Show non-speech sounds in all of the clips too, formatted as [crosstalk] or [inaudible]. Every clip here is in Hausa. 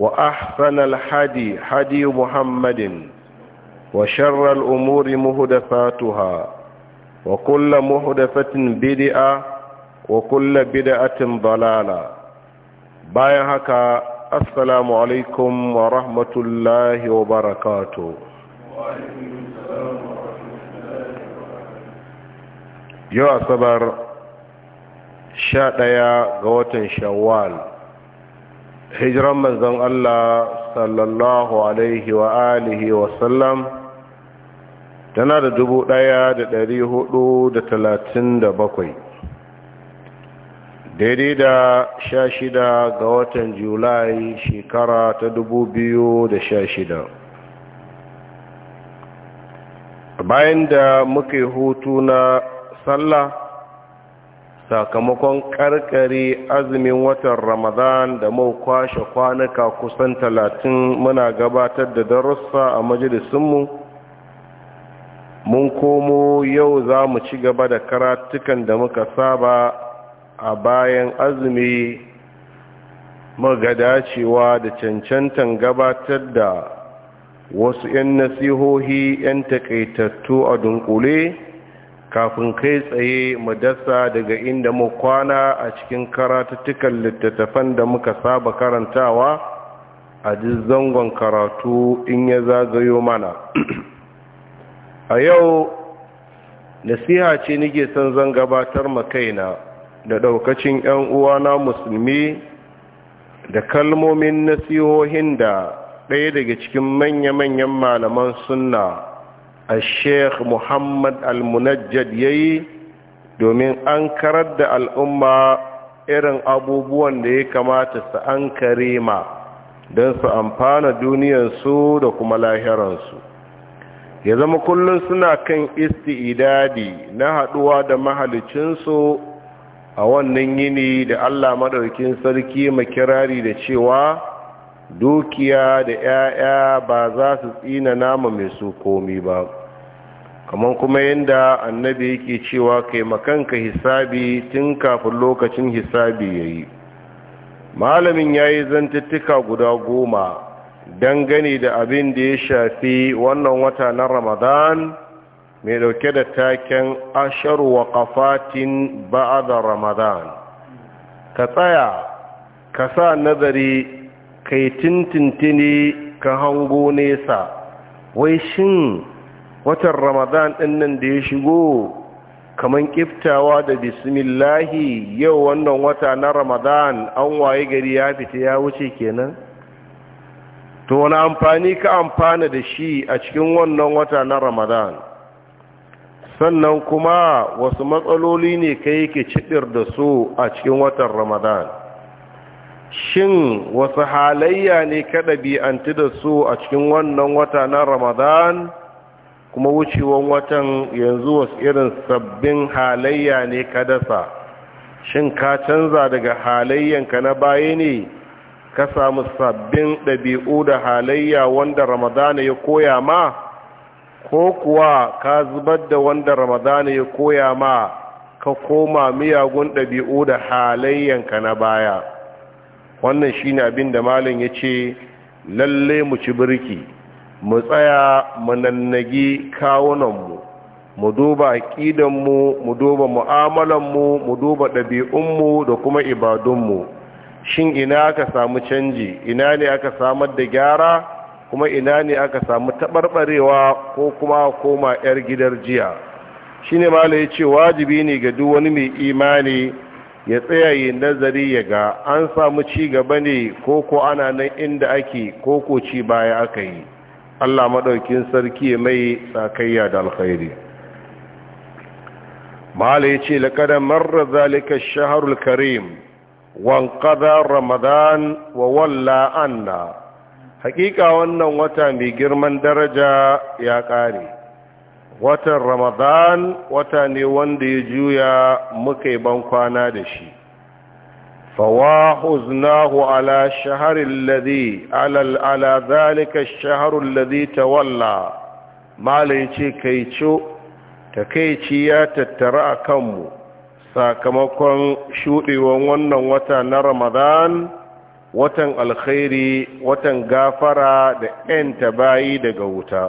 وأحسن الحدي حدي محمد وشر الأمور مهدفاتها وكل مهدفة بدعة وكل بدعة ضلالة بايهك السلام عليكم ورحمة الله وبركاته yau asabar sha ɗaya ga watan shawwal hijiran manzon Allah sallallahu alaihi wa alihi wa sallam tana da dubu ɗaya da dari hudu da talatin da bakwai daidai da sha shida ga watan julai shekara ta dubu biyu da sha shida bayan da muka hutu na sallah sakamakon karkare azumin watan ramadan da mau kwashe kwanuka kusan talatin muna gabatar da darussa a majalisunmu mun komo yau za mu ci gaba da karatukan da muka saba a bayan azumi magadacewa da cancantan gabatar da wasu 'yan nasihohi 'yan takaitattu a dunkule kafin kai tsaye mu dasa daga inda mu kwana a cikin karatuttukan littattafan da muka saba karantawa a duk zangon karatu in ya zagayo mana a yau nasiha ce nake son zan gabatar ma kaina da daukacin yan uwana musulmi da kalmomin nasihohin da ɗaya daga cikin manya-manyan malaman sunna a sheikh muhammad al-munajjad ya yi domin an karar da al'umma irin abubuwan da ya kamata su an kare ma don su amfana duniyarsu da kuma lahiransu ya zama kullum suna kan isti'idadi na haɗuwa da mahalicinsu a wannan yini da allah maɗaukin sarki makirari da cewa dukiya da 'ya'ya ba za su tsina nama mai su komi ba kamar kuma yadda annabi yake cewa kai makanka hisabi tun kafin lokacin hisabi ya yi malamin ya yi zantattuka guda goma dangane da abin da ya shafi wannan wata na ramadan mai dauke da taken ashar wa kafatin ba'ada ramadan ka tsaya ka sa nazari kai tintintini ka hango nesa wai shin watan ramadan ɗin da ya shigo kamar kiftawa da bismillahi yau wannan wata na ramadan an waye gari ya fita ya wuce kenan to wani amfani ka amfana da shi a cikin wannan wata na ramadan sannan kuma wasu matsaloli ne ka yake cidir da su a cikin watan ramadan shin wasu halayya ne ka ɗabi'antu da su a cikin wannan wata na ramadan kuma wucewan watan yanzu wasu irin sabbin halayya ne ka dasa shin ka canza daga halayyanka na baya ne ka samu sabbin ɗabi'u da halayya wanda ramadana ya koya ma ko kuwa ka zubar da wanda ramadana ya koya ma ka koma miyagun ɗabi'u da halayyanka na baya wannan shine abin da malam ya ce lalle mu ci birki mu tsaya mu nannagi kawunanmu mu duba aƙidanmu mu duba mu'amalanmu mu duba ɗabi'unmu da kuma ibadunmu shin ina aka samu canji ina ne aka samar da gyara kuma ina ne aka samu taɓarɓarewa ko kuma koma 'yar gidar jiya shi ne ma ce wajibi ne ga duk wani mai imani ya tsaya yi nazari ya ga an samu ci gaba ne ko ko ana nan inda ake ko ko ci baya aka yi Allah maɗaukin sarki mai sakayya da alkhairi mahala ya ce laƙada marar zalika shaharul karim wankaza ramadan wa walla anna hakika wannan wata mai girman daraja ya ƙare watan ramadan wata ne wanda ya juya muka yi ban kwana da shi فواخذناه على الشهر الذي على على ذلك الشهر الذي تولى ما ليتي كيتشو takeici ya tattara a kanmu sakamakon shuɗewan wannan wata na ramadan watan alkhairi watan gafara da 'yanta bayi daga wuta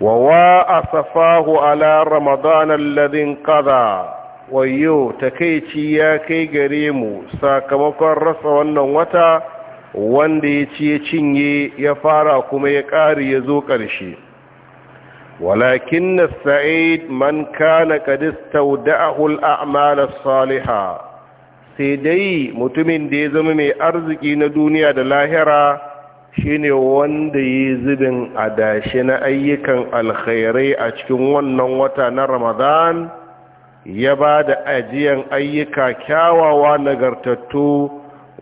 wa wa safahu ala ramadan ladin qada wayo takeici ya kai gare mu sakamakon rasa wannan wata wanda ya ci ya cinye ya fara kuma ya ƙari ya zo ƙarshe walakin na sa'id man kana kadista da'ahul a'malar saliha sai dai mutumin da ya zama mai arziki na duniya da lahira shine wanda ya zubin adashi na ayyukan alkhairai a cikin wannan wata na ramadan ya ba da ajiyan ayyuka kyawawa nagartattu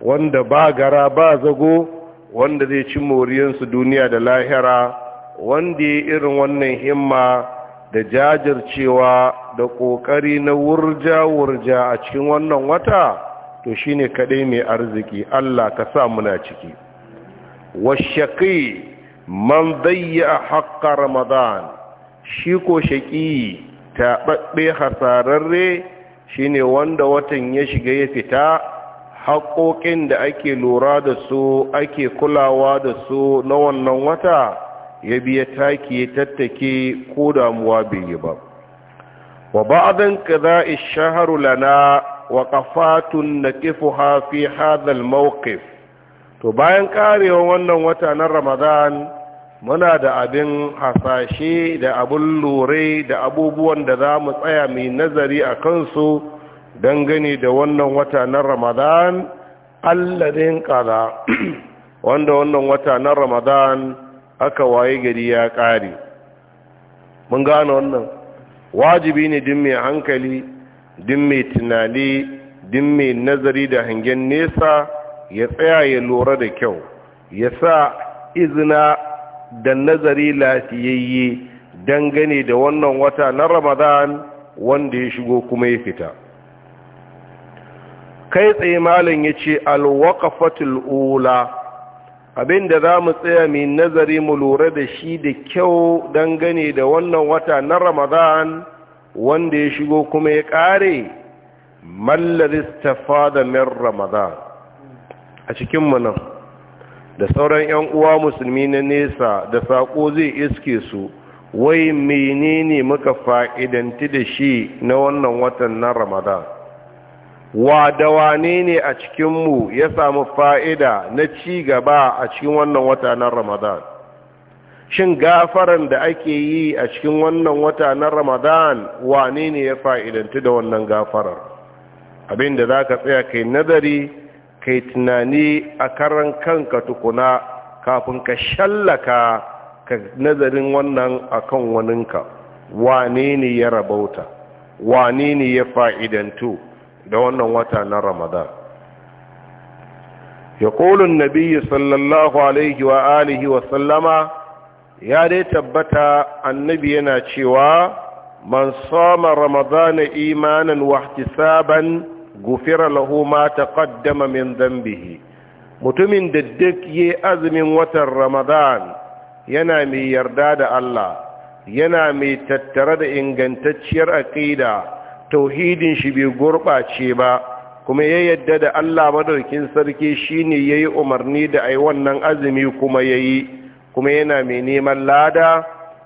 wanda ba gara ba zago wanda zai ci moriyansu duniya da lahira wanda ya irin wannan himma da jajircewa da ƙoƙari na wurja-wurja a cikin wannan wata to shi ne kaɗai mai arziki Allah ka sa muna ciki washaƙi man zai yi a haƙƙa ramadan shi ko shaƙi taɓaɓɓe hasararre shi ne wanda watan ya shiga ya fita haƙoƙin da ake lura da su ake kulawa da su na wannan wata ya biya taki ya tattake ko damuwa bai yi ba wa ba'dan kaza shaharu lana wa ƙafatun naqifuha fi hadal mawqif to bayan ƙarewa wannan wata na Ramadan muna da abin hasashe da abin lura da abubuwan da za mu tsaya mai nazari a kansu dangane da wannan wata na ramadan alladin kaza [clears throat] wanda wannan wata na ramadan aka waye gari ya ƙare mun gane wannan wajibi ne din mai hankali din mai tunani din mai nazari da hangen nesa ya tsaya ya lura da kyau ya sa izina da nazari lafiyayye dangane da wannan wata na ramadan wanda ya shigo kuma ya fita kai tsaye malin ya ce alwakafatul ula abinda za mu tsaya mai nazari mu lura da shi da kyau dangane da wannan wata na ramadan wanda ya shigo kuma ya ƙare mallar da min ramadan a cikin nan da sauran 'yan uwa musulmi na nesa da saƙo zai iske su wai menene muka fa'idanti da shi na wannan watan na ramadan wa da wane ne a cikinmu ya samu fa'ida na ci gaba a cikin wannan wata na ramadan shin gafaran da ake yi a cikin wannan wata na ramadan wane ne ya fa'idanti da wannan gafarar abinda za ka tsaya kai nazari kai tunani a karan kanka tukuna kafin ka shallaka ka nazarin wannan a kan waninka wane ne ya rabauta wane ne ya fa'idantu da wannan wata na ramadan ya ƙolin nabiya sallallahu alaihi wa alihi wa sallama ya dai tabbata annabi yana cewa man sama ramadana imanin wahtisaban saban gufira lahu ma taqaddama min dhanbihi mutumin da duk yi azumin watan ramadan yana mai yarda da Allah yana mai tattare da ingantacciyar aqida tauhidin shi bai gurbace ba kuma ya yadda da Allah madaukin sarki shine yayi umarni da ai wannan azumi kuma yayi kuma yana mai neman lada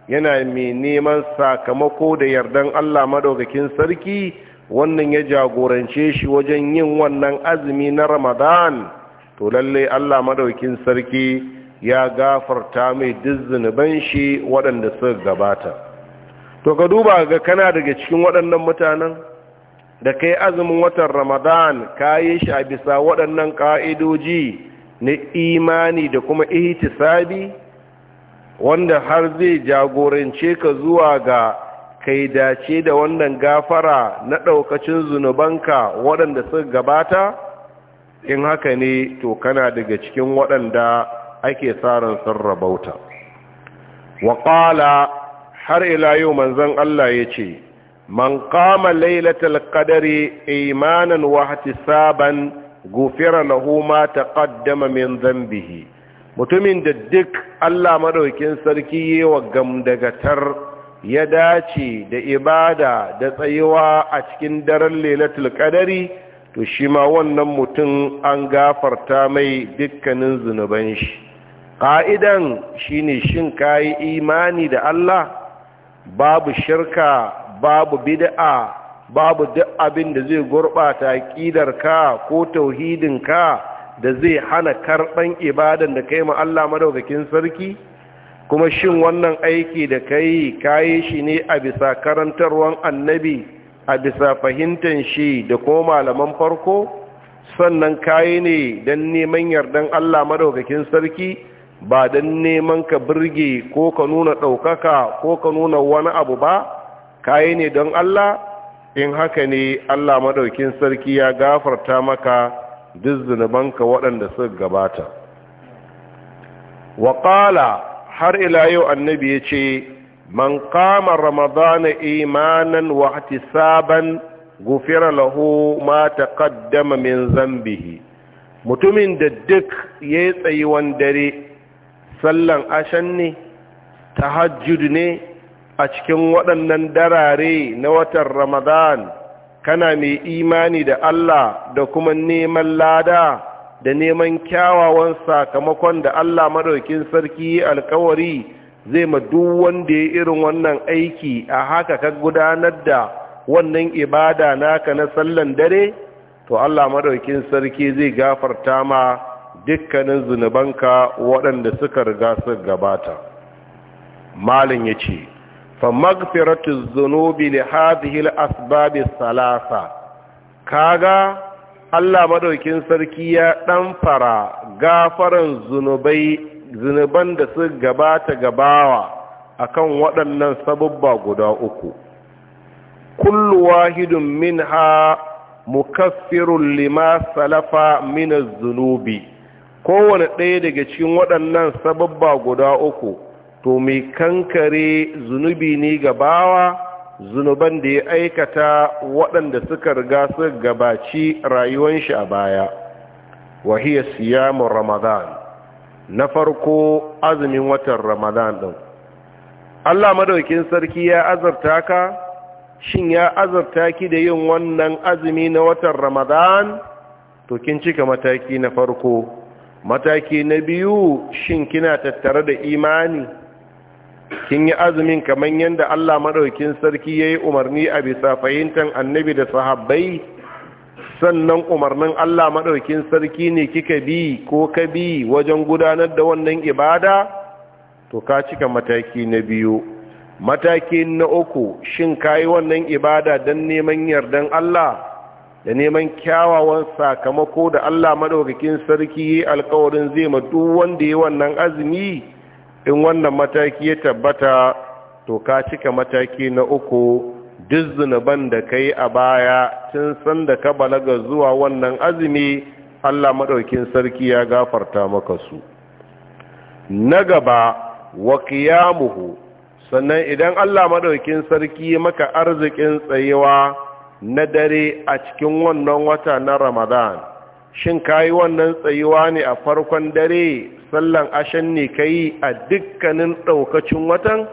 yana mai neman sakamako da yardan Allah madaukakin sarki wannan ya jagorance shi wajen yin wannan azumi na ramadan to lallai allah madaukin sarki ya gafarta mai duk shi waɗanda suka gabata to ka duba ga kana daga cikin waɗannan mutanen da kai azumin watan ramadan ka yi shi a bisa waɗannan ƙa'idoji na imani da kuma ihtisabi wanda har zai jagorance ka zuwa ga kai dace da wannan gafara na ɗaukacin zunubanka waɗanda suka gabata in haka ne to kana daga cikin waɗanda ake tsarin sarrabauta waƙala har ila yau manzan Allah ya ce man kama lailatul qadari imanan wa ihtisaban gufira lahu ma taqaddama min dhanbihi mutumin da duk Allah madaukin sarki yawa gamdagatar ya dace da ibada da tsayuwa a cikin daren lailatul qadari to shi ma wannan mutum an gafarta mai dukkanin zunuban shi ƙa'idan shine shin kayi imani da Allah babu shirka babu bid'a babu duk abin da zai gurɓata ƙidarka ko tauhidinka da zai hana karɓan ibadan da kai ma Allah madaukakin sarki kuma shin wannan aiki da kai kayi shi ne a bisa karantarwan annabi a bisa fahimtar shi da kuma malaman farko sannan kayi ne don neman yardan Allah madaukakin sarki ba don neman ka birge ko ka nuna ɗaukaka ko ka nuna wani abu ba kayi ne don Allah in haka ne Allah madaukakin sarki ya gafarta maka duk zunubanka waɗanda suka gabata Wakala. har ila yau annabi ya ce man kama ramadana imanan wa ihtisaban gufira lahu ma taqaddama min zambihi mutumin da duk ya tsayuwan dare sallan ashan ne tahajjud ne a cikin waɗannan darare na watan ramadan kana mai imani da Allah da kuma neman lada da neman kyawawan sakamakon da Allah madaukin sarki alkawari zai ma duk wanda ya irin wannan aiki a haka ka gudanar da wannan ibada naka na sallan dare to Allah madaukin sarki zai gafarta ma dukkanin zunubanka waɗanda suka riga su gabata malin yace fa maghfiratu zunubi li hadhihi al-asbab salasa kaga Allah madaukin sarki ya ɗanfara gafaran zunubai zunuban da su gabata gabawa akan waɗannan sabubba guda uku kullu wahidun minha mukaffirun lima salafa min zunubi kowane ɗaya daga cikin waɗannan sababba guda uku to mai kankare zunubi ne gabawa zunuban da ya aikata waɗanda suka riga su gabaci shi a baya wahiyar siyamun ramadan na farko azumin watan ramadan ɗin allah madaukin sarki ya azarta ka shin ya azarta ki da yin wannan azumi na watan ramadan to kin cika mataki na farko mataki na biyu shin kina tattare da imani kin yi azumin kamar yadda Allah maɗaukin sarki ya yi umarni a bisa fahimtar annabi da sahabbai sannan umarnin Allah maɗaukin sarki ne kika bi ko ka bi wajen gudanar da wannan ibada to ka cika mataki na biyu mataki na uku shin ka yi wannan ibada don neman yardan Allah da neman kyawawan sakamako da Allah maɗaukakin sarki alkawarin zai ma duk wanda ya wannan azumi in wannan mataki ya tabbata to ka cika mataki na uku duk zunuban da ka a baya tun san da ka balaga zuwa wannan azumi Allah maɗaukin sarki ya gafarta maka su na gaba wa kiyamuhu, sannan idan Allah maɗaukin sarki maka arzikin tsayewa na dare a cikin wannan wata na Ramadan shin ka yi wannan tsayuwa ne a farkon dare sallan ashen ne ka yi a dukkanin ɗaukacin watan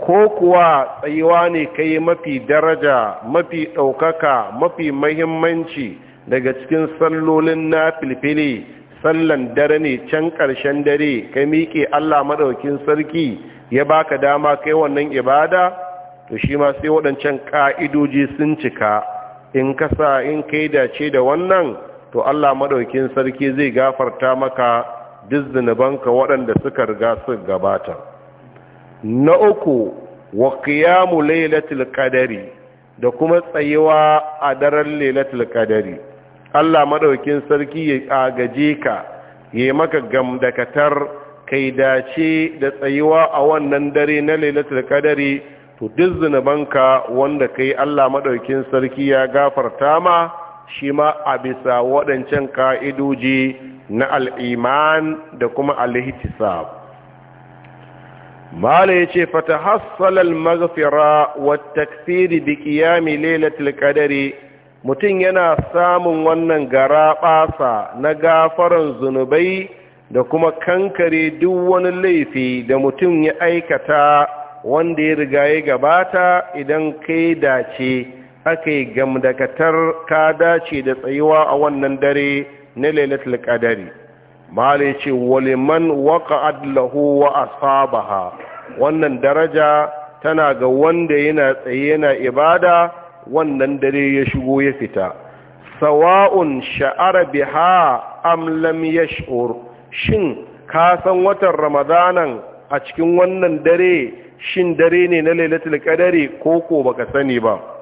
ko kuwa tsayuwa ne ka yi mafi daraja mafi ɗaukaka mafi mahimmanci daga cikin sallolin na filfili sallan dare ne can ƙarshen dare ka miƙe allah maɗaukin sarki ya baka dama kai wannan ibada to shi ma sai waɗancan ƙa'idoji sun cika in kasa in ka yi dace da wannan to allah maɗaukin sarki zai gafarta maka duk zunubanka waɗanda suka riga su gabata na uku wa qiyamu lailatul qadari da kuma tsayuwa a daren lailatul qadari Allah madaukin sarki ya agaje ka yayi maka gamdakatar kai dace da tsayuwa a wannan dare na lailatul qadari to duk zunubanka wanda kai Allah madaukin sarki ya gafarta ma shi ma a bisa waɗancan ƙa’iduji na al'iman da kuma al'ihtisab mala ya ce fata hassalar magafira wa taksiri bi ƙiyami lailatul ƙadari mutum yana samun wannan gara ɓasa na gafaran zunubai da kuma kankare duk wani laifi da mutum ya aikata wanda ya riga ya gabata idan kai dace aka yi gamdakatar ka dace da tsayuwa a wannan dare na lailatul qadari malai ce waliman waqa'at lahu wa asabaha wannan daraja tana ga wanda yana tsaye yana ibada wannan dare ya shigo ya fita sawa'un sha'ara biha am lam yash'ur shin ka san watan ramadanan a cikin wannan dare shin dare ne na lailatul qadari ko ko baka sani ba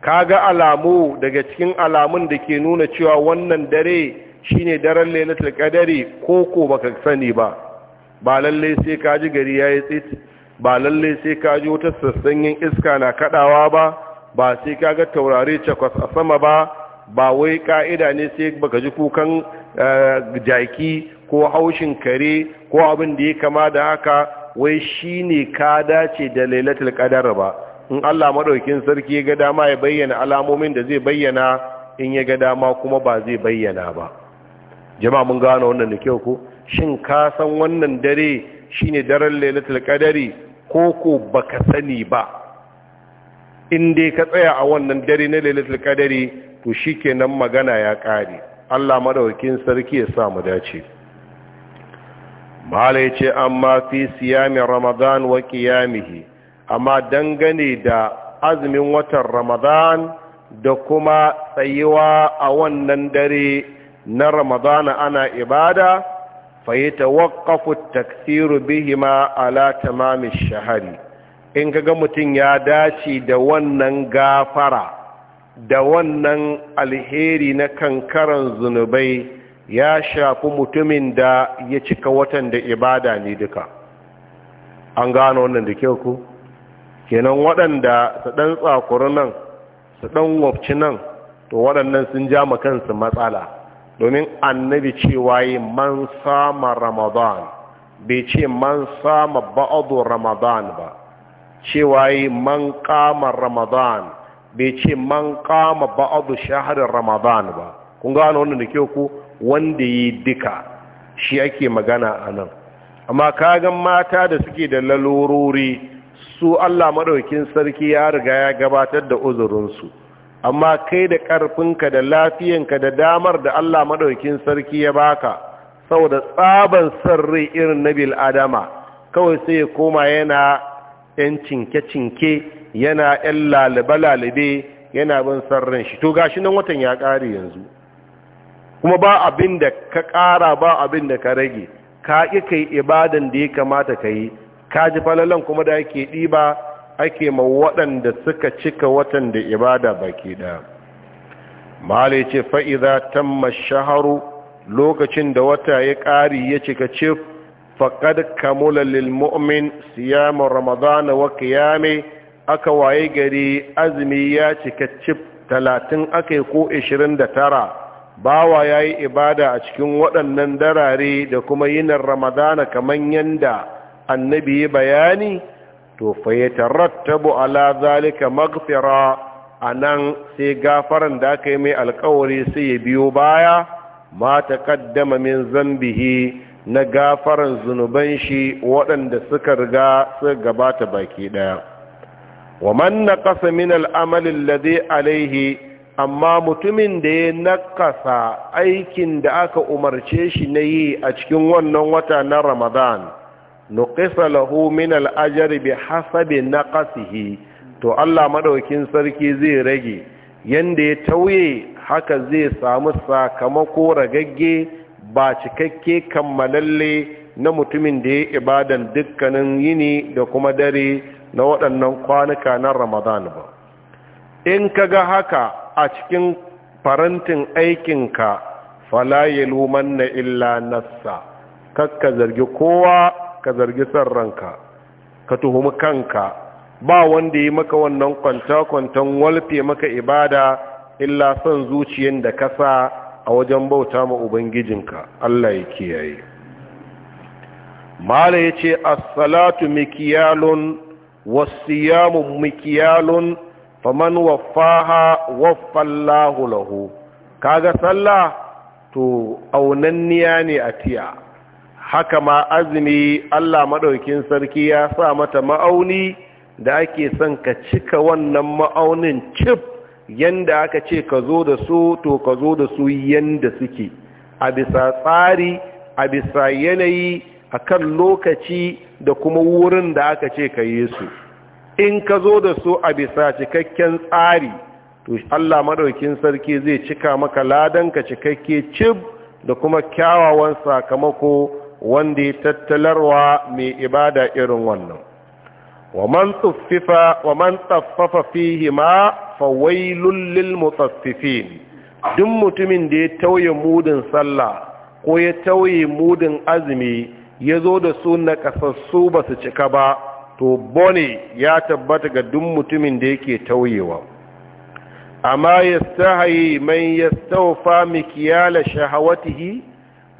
kaga alamu daga cikin alamun da ke nuna cewa wannan dare shine daren lailatul kadari ko ko baka sani ba ba lalle sai ka ji gari yayi tsit ba lalle sai ka ji wata sassanyen iska na kadawa ba ba sai ka taurare cakwas a sama ba ba wai ka'ida ne sai baka ji kukan eh, jaki ko haushin kare ko abin da ya kama da haka wai shine ka dace da lailatul qadar ba in Allah maɗaukin sarki ya ga dama ya bayyana alamomin da zai bayyana in ya ga dama kuma ba zai bayyana ba jama'a mun gano wannan da kyau ko shin ka san wannan dare shine daren lailatul qadari ko ko baka sani ba in dai ka tsaya a wannan dare na lailatul qadari to shikenan magana ya kare Allah maɗaukin sarki ya sa mu dace malai ce amma fi siyamin ramadan wa qiyamihi amma dangane da azumin watan ramadan da kuma tsayuwa a wannan dare na ramadana ana ibada fa yi tawaqqafu taksiru bihima ala tamamin shahari in kaga mutum ya dace da wannan gafara da wannan alheri na kankaran zunubai ya shafi mutumin da ya cika watan da ibada ne duka an gano wannan da kyau ku kenan waɗanda su ɗan tsakuri nan su ɗan wafci nan to waɗannan sun ja kansu matsala domin annabi cewa yi man sama ramadan bai ce man sama ba'adu ramadan ba cewa yi man kama ramadan bai ce man kama ba'adu shaharar ramadan ba kun gano wani da ke ku wanda yi duka shi ake magana a nan amma kagan mata da suke da lalurori su Allah maɗaukin sarki ya riga ya gabatar da uzurinsu amma kai da ƙarfinka da lafiyanka da damar da Allah maɗaukin sarki ya baka saboda tsaban sarri irin na bil'adama kawai sai ya koma yana 'yan cinke-cinke yana 'yan lalibe-lalibe yana bin sarrin shi to gashi nan watan ya ƙare yanzu kuma ba abin da ka ƙara ba abin da ka rage ka ƙi kai ibadan da ya kamata ka yi kaji falalan kuma da ake ɗiba ake ma waɗanda suka cika watan da ibada baki ɗaya mali ce fa'iza tamma lokacin da wata ya ƙari ya cika cif faƙad kamula lilmu'min siyamun ramadana wa kiyame aka waye gari azumi ya cika cif talatin aka yi ko ishirin da tara bawa ya yi ibada a cikin waɗannan darare da kuma yinin ramadana kamar yanda annabi yi bayani to fa ya tarattabu ala zalika maghfira anan sai gafaran da aka yi mai alkawari sai ya biyo baya ma ta kaddama min zambihi na gafaran zunuban shi waɗanda suka riga su gabata baki ɗaya wa man naqasa min al-amal alladhi alayhi amma mutumin da ya nakasa aikin da aka umarce shi na yi a cikin wannan wata na ramadan nuqisa lahu min al-ajri bi hasabi naqasihi to Allah madaukin sarki zai rage yanda ya tauye haka zai samu sakamako ragagge ba cikakke kammalalle na mutumin da ya ibadan dukkanin yini da kuma dare na waɗannan kwanuka na Ramadan ba in kaga haka a cikin farantin aikinka fala yalumanna illa nassa kakka zargi kowa ka zargi san ranka ka tuhumi kanka ba wanda yi maka wannan kwanta-kwantan walfe maka ibada illa son zuciyar da ka sa a wajen bauta ma ubangijinka Allah ya kiyaye mala ya ce assalatu mikiyalun wasiyamu mikiyalun faman waffaha waffan lahu kaga sallah to aunanniya ne a tiya haka ma azumi Allah maɗaukin sarki ya sa mata ma'auni da ake son ka cika wannan ma'aunin cif yanda aka ce ka zo da su to ka zo da su yanda suke a bisa tsari a bisa yanayi a kan lokaci da kuma wurin da aka ce ka yi su in ka zo da su a bisa cikakken tsari to Allah maɗaukin sarki zai cika maka Ladan ka cikakke cib da kuma kyawawan sakamako wanda ya tattalarwa mai ibada irin wannan wa man tsaffafa fihi ma fawai lil mutsaffifi duk mutumin da ya tauye mudin sallah ko ya tauye mudin azumi ya zo da su na kasassu ba su cika ba to bone ya tabbata ga duk mutumin da yake tauyewa amma ya sahayi mai ya staufa mikiyala shahawatihi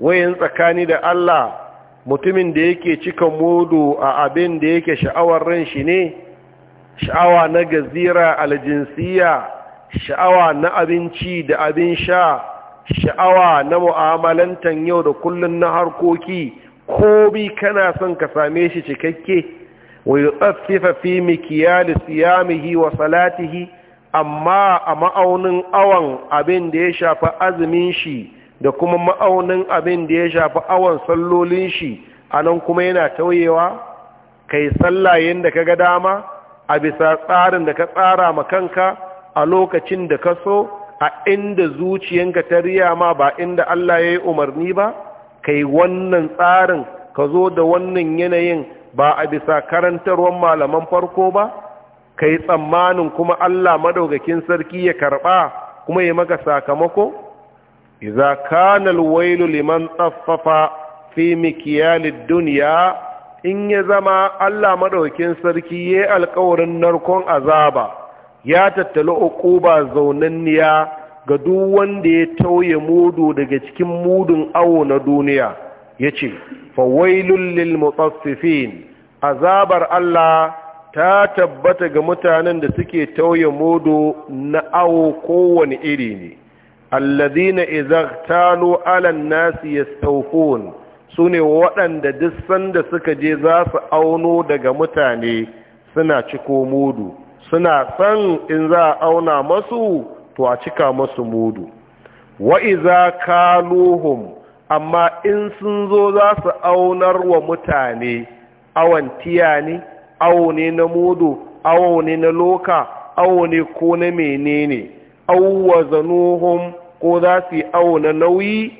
wayan tsakani da Allah mutumin da yake cika mudu a abin da yake sha'awar ran shi ne sha'awa na gazira aljinsiya sha'awa na abinci da abin sha sha'awa na mu'amalantan yau da kullun na harkoki ko bi kana son ka same shi cikakke wai tsaffifa fi mikiyali siyamihi wa salatihi amma a ma'aunin awon abin da ya shafi azumin shi da kuma ma'aunin abin da ya shafi awon sallolin shi a nan kuma yana tauyewa kai sallah yadda ka ga dama a bisa tsarin da ka tsara ma kanka a lokacin da ka so a inda zuciyanka ta riya ma ba inda Allah ya yi umarni ba kai wannan tsarin ka zo da wannan yanayin ba a bisa karantarwar malaman farko ba kai tsammanin kuma Allah madaukakin sarki ya karba kuma ya maka sakamako idza kana alwailu liman tsaffafa fi mikyalid in ya zama Allah madaukin sarki yayi alƙawarin narkon azaba ya tattali uquba zaunanniya ga duk wanda ya tauye mudu daga cikin mudun awo na duniya yace fawailul lil mutaffifin azabar Allah ta tabbata ga mutanen da suke tauye mudu na awo kowane iri ne alladhina idza talu ala an-nasi yastawfun sune waɗanda duk sanda suka je za su auno daga mutane suna ciko mudu suna san in za a auna masu to a cika masu mudu wa iza kaluhum amma in sun zo za su aunar wa mutane awon tiya ne ne na mudu awo ne na loka awo ne ko na menene awwazanuhum ko za su yi auna nauyi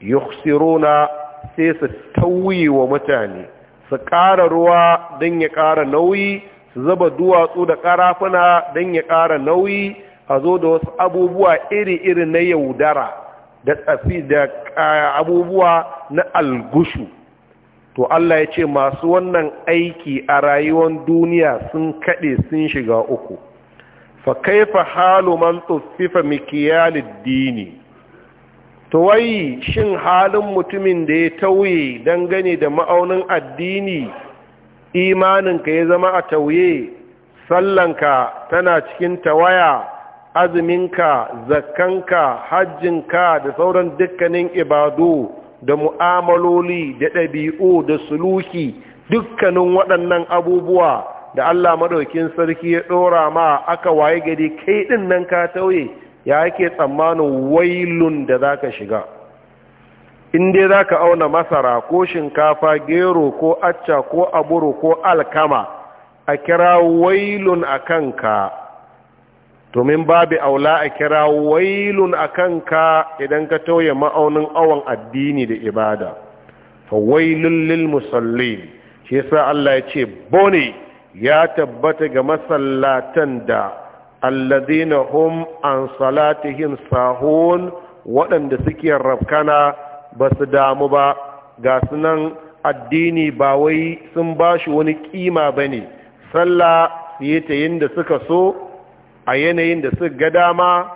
yukhsiruna sai su tauye wa mutane su ƙara ruwa don ya ƙara nauyi su zuba duwatsu da ƙarafuna don ya ƙara nauyi a zo da wasu abubuwa iri-iri na yaudara da tsafi da abubuwa na algushu to Allah ya ce masu wannan aiki a rayuwar duniya sun kaɗe sun shiga uku fa fa halu man tsuffifa mikiyalid dini to wai shin halin mutumin da ya tauye dangane da ma'aunin addini imaninka ya zama a tauye sallanka tana cikin tawaya azuminka zakkanka hajjinka da sauran dukkanin ibadu da mu'amaloli da ɗabi'u da suluki dukkanin waɗannan abubuwa da Allah madaukin sarki ya ɗora ma aka waye gari kai din nan ka tauye ya yake tsammanin wailun da zaka shiga in dai zaka auna masara ko shinkafa gero ko acca ko aburu, ko alkama a kira wailun akan ka domin babu aula a kira wailun akan ka idan ka tauye ma'aunin awon addini da ibada fa wailun lil musallin shi yasa Allah ya ce bone ya tabbata ga masallatan da alladhina hum an salatihim sahun waɗanda suke rafkana ba su damu ba ga sunan addini ba wai sun ba shi wani kima ba ne sallah fiye ta yadda suka so a yanayin da suka ga dama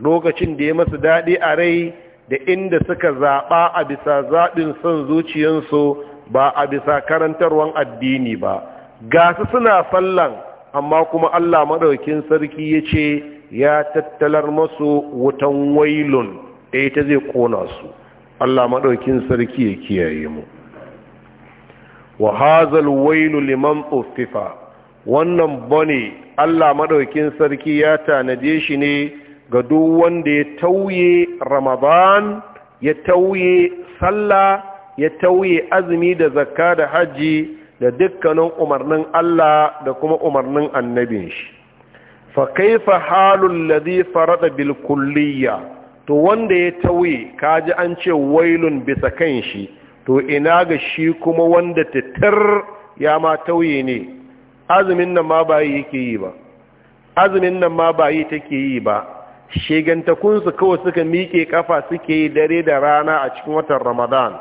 lokacin da ya masu daɗi a rai da inda suka zaɓa a bisa zaɓin son zuciyarsu ba a bisa karantarwan addini ba ga suna sallan amma kuma Allah maɗaukin sarki ya ce ya tattalar masu wutan wailun da eh, ta zai kona su Allah maɗaukin sarki ya kiyaye mu wa hazal wailu liman uffifa wannan bane Allah maɗaukin sarki ya tanade shi ne ga duk wanda ya tauye ramadan ya tauye sallah ya tauye azumi da zakka da hajji da dukkanin umarnin Allah da kuma umarnin annabin shi fa kaifa halul ladhi farada bil kulliyya to wanda ya tauye kaji an ce wailun bisa kan shi to ina ga shi kuma wanda titir ya ma tauye ne azumin nan ma ba yake yi ba azumin nan ma ba yi take yi ba shegantakunsu kawai suka miƙe kafa suke yi dare da rana a cikin watan ramadan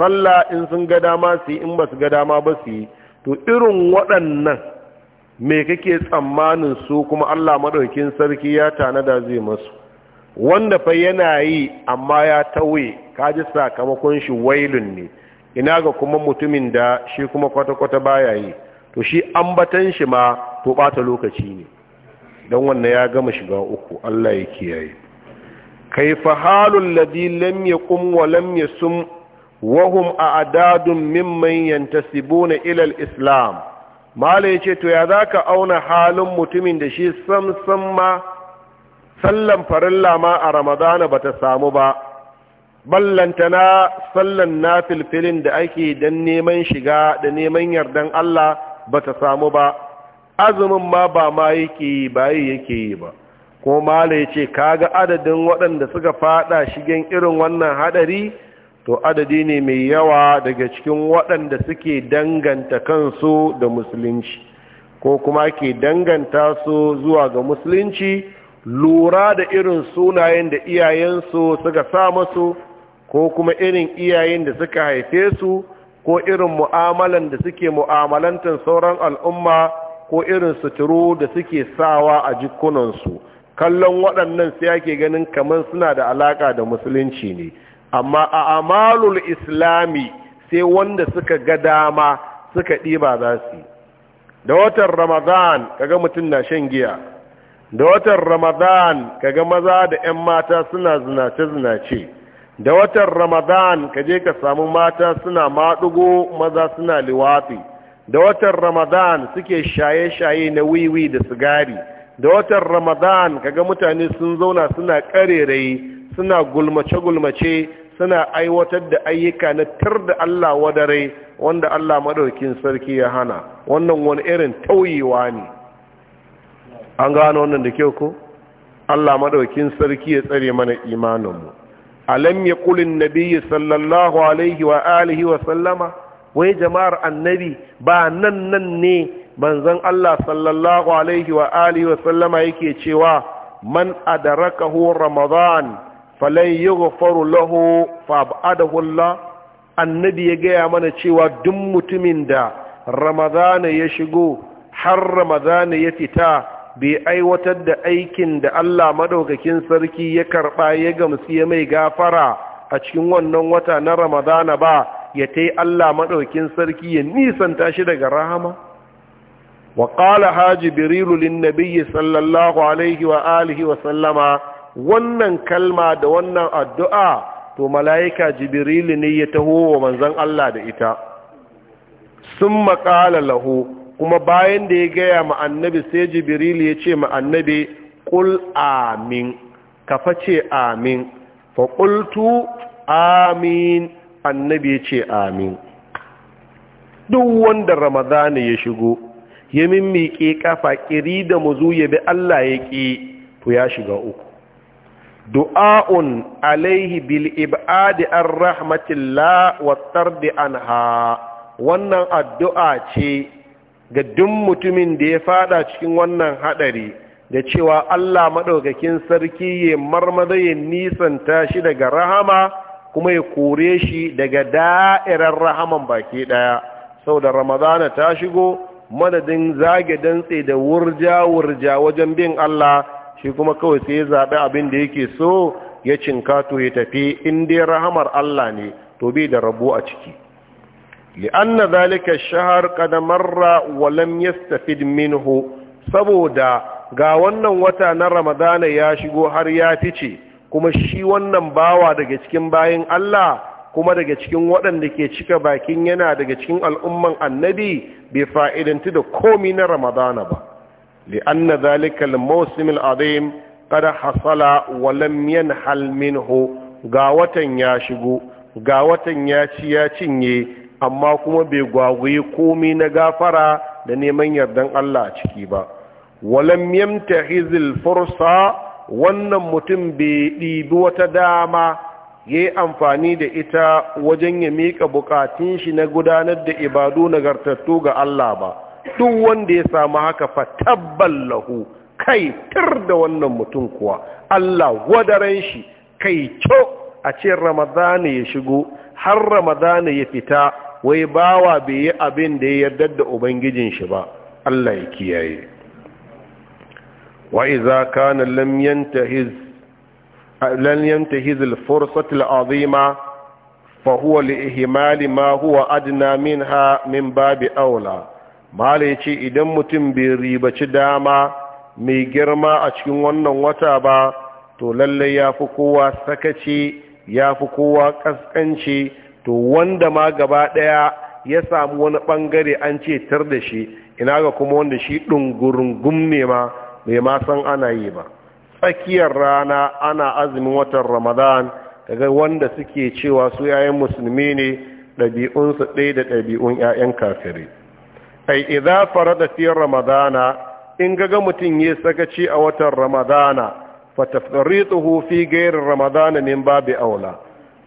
sallah in sun ga dama su yi in ba su ga dama ba su yi to irin waɗannan me kake tsammanin su kuma Allah maɗaukin sarki ya tanada zai masu wanda fa yana yi amma ya tauye ji sakamakon shi wailun ne ina ga kuma mutumin da shi kuma kwata-kwata baya yi to shi ambatan shi ma to ɓata lokaci ne don wannan ya gama shiga uku Allah ya kiyaye fa halul ladhi lam yaqum wa lam yasum wahum a adadun mimman yantasibuna ilal islam malai ce to ya za ka auna halin mutumin da shi samsam ma sallan farilla a ramadana ba ta samu ba ballantana sallan na filfilin da ake don neman shiga da neman yardan Allah ba ta samu ba azumin ma ba ma yake yi ba yi yake yi ba ko malai ce ga adadin waɗanda suka fada shigen irin wannan hadari to adadi ne mai yawa daga cikin waɗanda suke danganta kansu da musulunci ko kuma ke danganta su zuwa ga musulunci lura da irin sunayen da iyayensu suka sa masu ko kuma irin iyayen da suka haife su ko irin mu'amalan da suke mu'amalantar sauran al'umma ko irin suturu da suke sawa a jikunansu kallon waɗannan sai ake ganin kamar suna da alaƙa da musulunci ne amma a amalul islami sai wanda suka ga dama suka ɗiba za su da watan ramadan kaga mutum na shan giya da watan ramadan kaga maza da 'yan mata suna zinace-zinace da watan ramadan ka je ka samu mata suna maɗugo maza suna liwafi da watan ramadan suke shaye-shaye na wiwi da sigari da watan ramadan ga mutane sun zauna suna ƙarerai suna gulmace-gulmace suna aiwatar da ayyuka na tar da Allah wadare wanda Allah madaukin sarki ya hana wannan wani irin tauyewa ne an gano wannan da kyau ko Allah madaukin sarki ya tsare mana imaninmu alam ya kulin nabiyyi sallallahu alaihi wa alihi wa sallama wai jama'ar annabi ba nan nan ne manzon Allah sallallahu alaihi wa alihi wa sallama yake cewa man adarakahu ramadan falai faru lahu fa annabi ya gaya mana cewa duk mutumin da ramadana ya shigo har ramadana ya fita bai aiwatar da aikin da Allah maɗaukakin sarki ya karɓa ya gamsu ya mai gafara a cikin wannan wata na ramadana ba ya tai Allah madaukakin sarki ya nisanta shi daga rahama wa qala hajibirilu lin nabiyyi sallallahu alaihi wa alihi wa sallama wannan kalma da wannan addu'a to mala'ika jibrilu ne ya taho wa manzan Allah da ita sun maƙala laho kuma bayan da ya gaya ma annabi sai jibrilu ya ce ma annabi ƙul amin ka face amin fa amin annabi ya ce amin duk wanda ramadana ya shigo ya mimmiƙe ƙafa ƙiri da mu ya bi Allah ya ƙi to ya shiga uku du'a'un alaihi bil ibadi ar rahmatillah wa tardi anha wannan addu'a ce ga duk mutumin da ya fada cikin wannan hadari da cewa Allah madaukakin sarki ya marmada ya nisanta shi daga rahama kuma ya kore shi daga da'irar rahaman baki daya da ramadana ta shigo madadin zage dantse da wurja wurja wajen bin Allah shi kuma kawai sai ya zaɓi abin da yake so ya cinka to ya tafi in dai rahamar Allah ne to bai da rabu a ciki li'anna zalika shahar qad marra wa lam yastafid minhu saboda ga wannan wata na ramadana ya shigo har ya fice kuma shi wannan bawa daga cikin bayin Allah kuma daga cikin waɗanda ke cika bakin yana daga cikin al'umman annabi bai fa'idanti da komi na ramadana ba لأن ذلك الموسم العظيم قد حصل ولم ينحل منه قاوة ياشقو قاوة ياشي ياشيني أما كما بيقاوي قومي نغافرا لنمن يردن الله تكيبا ولم يمتحز الفرصة wannan mutum بيبوة داما wata amfani da ita wajen ya miƙa buƙatun shi na gudanar da ibadu nagartattu ga Allah ba. duk wanda ya samu haka fa tabballahu kai tar da wannan mutum kuwa Allah wadaran shi kai co a ce ramadana ya shigo har ramadana ya fita wai bawa bai yi abin da ya yarda da ubangijin shi ba Allah ya kiyaye wa iza kana lam yantahiz lan yantahiz al fursat al azima fa huwa li ihmal ma huwa adna minha min babi aula mala ya ce idan mutum bai ribaci dama mai girma a cikin wannan wata ba to lallai ya fi kowa sakaci ya fi kowa ƙasƙanci to wanda ma gaba ɗaya ya samu wani ɓangare an ce tar da shi ina ga kuma wanda shi ɗungurungum ne ma bai ma san ana yi ba tsakiyar rana ana azumin watan ramadan daga wanda suke cewa su 'ya'yan musulmi ne ɗabi'unsu ɗaya da ɗabi'un 'ya'yan kafirai Kai idza farada fi ramadana in kaga mutum ya sakaci a watan ramadana fatafrituhu fi ghayr ramadana min babi aula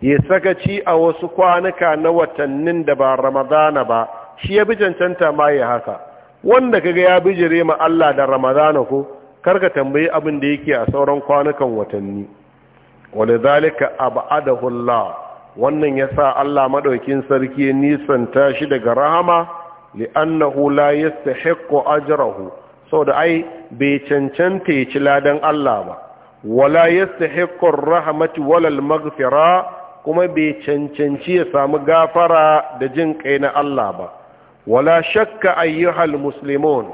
ya sakaci a wasu kwanuka na watannin da ba ramadana ba shi ya bi cancanta ma ya haka wanda kaga ya bijire ma Allah da ramadana ko karka tambayi abin da yake a sauran kwanukan watanni walidhalika ab'adahu Allah wannan yasa Allah madaukin sarki ya nisanta shi daga rahama li'annahu la yastahiqqu ajrahu saboda ai bai cancanta ya ci ladan Allah ba wala yastahiqqu ar-rahmati wala al-maghfira kuma bai cancanci ya samu gafara da jin kai na Allah ba wala shakka ayyuhal muslimun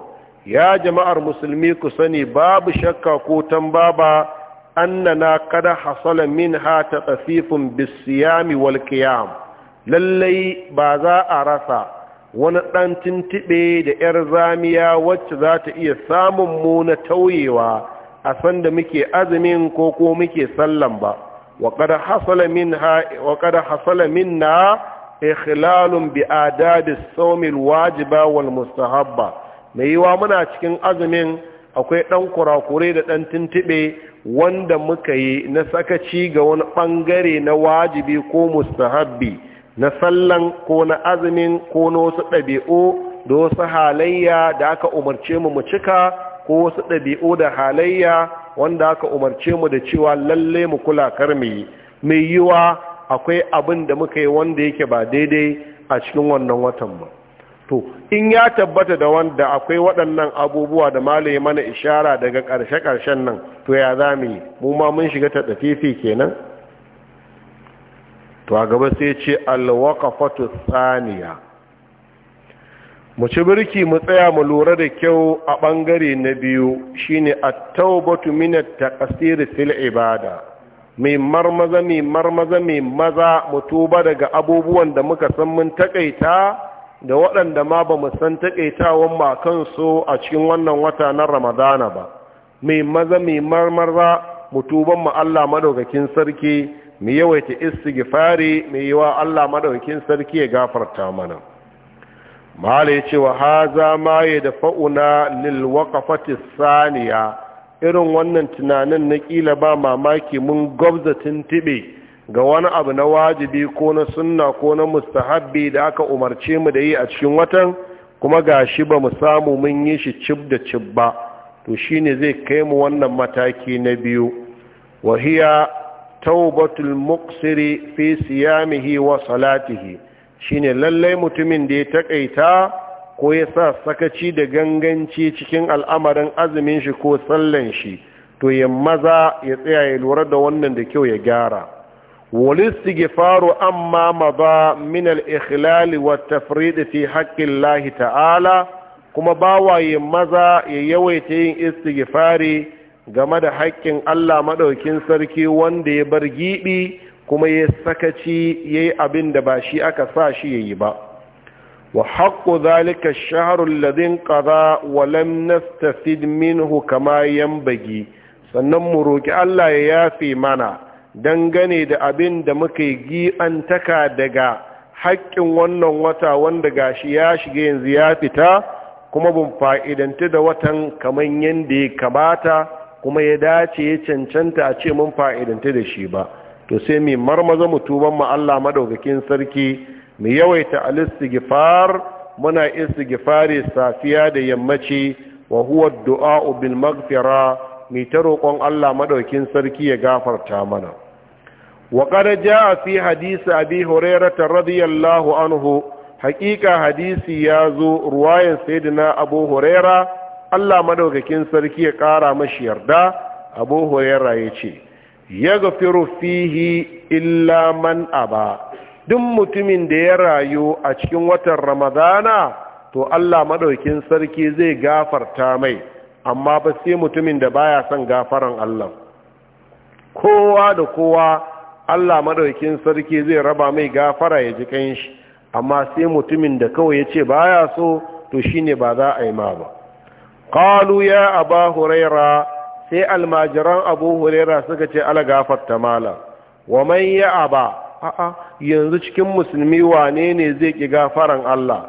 ya jama'ar musulmi ku sani babu shakka ko tambaba annana kada min minha ta tsafifin bisiyami wal lallai ba za a rasa wani ɗan tintiɓe da 'yar zamiya wacce za ta iya samun mu na tauyewa a sanda muke azumin ko ko muke sallan ba wa kada hasala minna ikhlalun bi adadis sawmil wajiba wal mustahabba mai yiwa muna cikin azumin akwai ɗan kurakure da ɗan tintiɓe wanda muka yi na sakaci ga wani ɓangare na wajibi ko mustahabbi na sallan ko na azumin ko na wasu ɗabi'u da wasu halayya da aka umarce mu mu cika ko wasu ɗabi'u da halayya wanda aka umarce mu da cewa lalle mu kula kar mu yi mai yiwa akwai abin da muka yi wanda yake ba daidai a cikin wannan watan mu. to in ya tabbata da wanda akwai waɗannan abubuwa da malai mana ishara daga ƙarshe-ƙarshen nan to ya za mu yi mu ma mun shiga ta kenan to a gaba sai ce alwaqafatu saniya mu ci birki mu tsaya mu lura da kyau a bangare na biyu shine at-taubatu min at-taqsir fil ibada mai marmaza mai marmaza mai maza mu tuba daga abubuwan da muka san mun takaita da waɗanda ma ba mu san takaitawan kan kansu a cikin wannan wata na Ramadana ba mai maza mai marmaza mu tuban mu Allah madaukakin sarki mu yawaita istighfari mu yi wa Allah madaukakin sarki ya gafarta mana mala yace wa haza ma fauna lil waqafati saniya irin wannan tunanin na kila ba mamaki mun gwabza tintibe ga wani abu na wajibi ko na sunna ko na mustahabbi da aka umarce mu da yi a cikin watan kuma gashi ba mu samu mun yi shi cib da cib ba to shine zai kai mu wannan mataki na biyu wahiya taubatul muqsiri fi siyamihi wa salatihi shine lallai mutumin da ya takaita ko ya sa sakaci da ganganci cikin al'amarin azumin shi ko sallan shi to ya maza ya tsaya ya lura da wannan da kyau ya gyara walistighfaru amma maza min al-ikhlal wa tafrid fi ta'ala kuma bawaye maza ya yawaita yin istighfari game da haƙƙin Allah maɗaukin sarki wanda ya bar giɓi kuma ya sakaci ya yi abin da ba shi aka sa shi ya yi ba wa haƙƙo zalika shaharun ladin ƙaza wa lam minhu kama bagi, sannan mu roƙi Allah ya yafe mana dangane da abin da muka yi giɓantaka daga haƙƙin wannan wata wanda ga shi ya shiga yanzu ya fita kuma bin fa'idanta da watan kamar yadda ya kamata kuma ya dace ya cancanta a ce mun fa'idanta da shi ba to sai mai marmaza mutuban mu Allah madaukakin sarki mu yawaita al-istighfar muna istighfari safiya da yammaci wa huwa du'a ubin magfira mai ta roƙon Allah madaukakin sarki ya gafarta mana wa ja a fi hadisi abi horerata radiyallahu anhu Haƙiƙa hadisi ya zo ruwayan sayyidina abu horera Allah madaukakin sarki ya ƙara mashi yarda abu hurairah ya ce ya gafiru fihi illa man aba duk mutumin da ya rayu a cikin watan ramadana to Allah madaukakin sarki zai gafarta mai amma ba sai mutumin da baya son gafaran Allah kowa da kowa Allah madaukakin sarki zai raba mai gafara ya ji kanshi amma sai mutumin da kawai ya ce baya so to shine ba za a yi ma ba Kalu ya aba huraira sai almajiran abu huraira suka ce ala gafar ta malam wa man ya ba, a'a yanzu cikin musulmi wanene ne zai ƙi gafaran Allah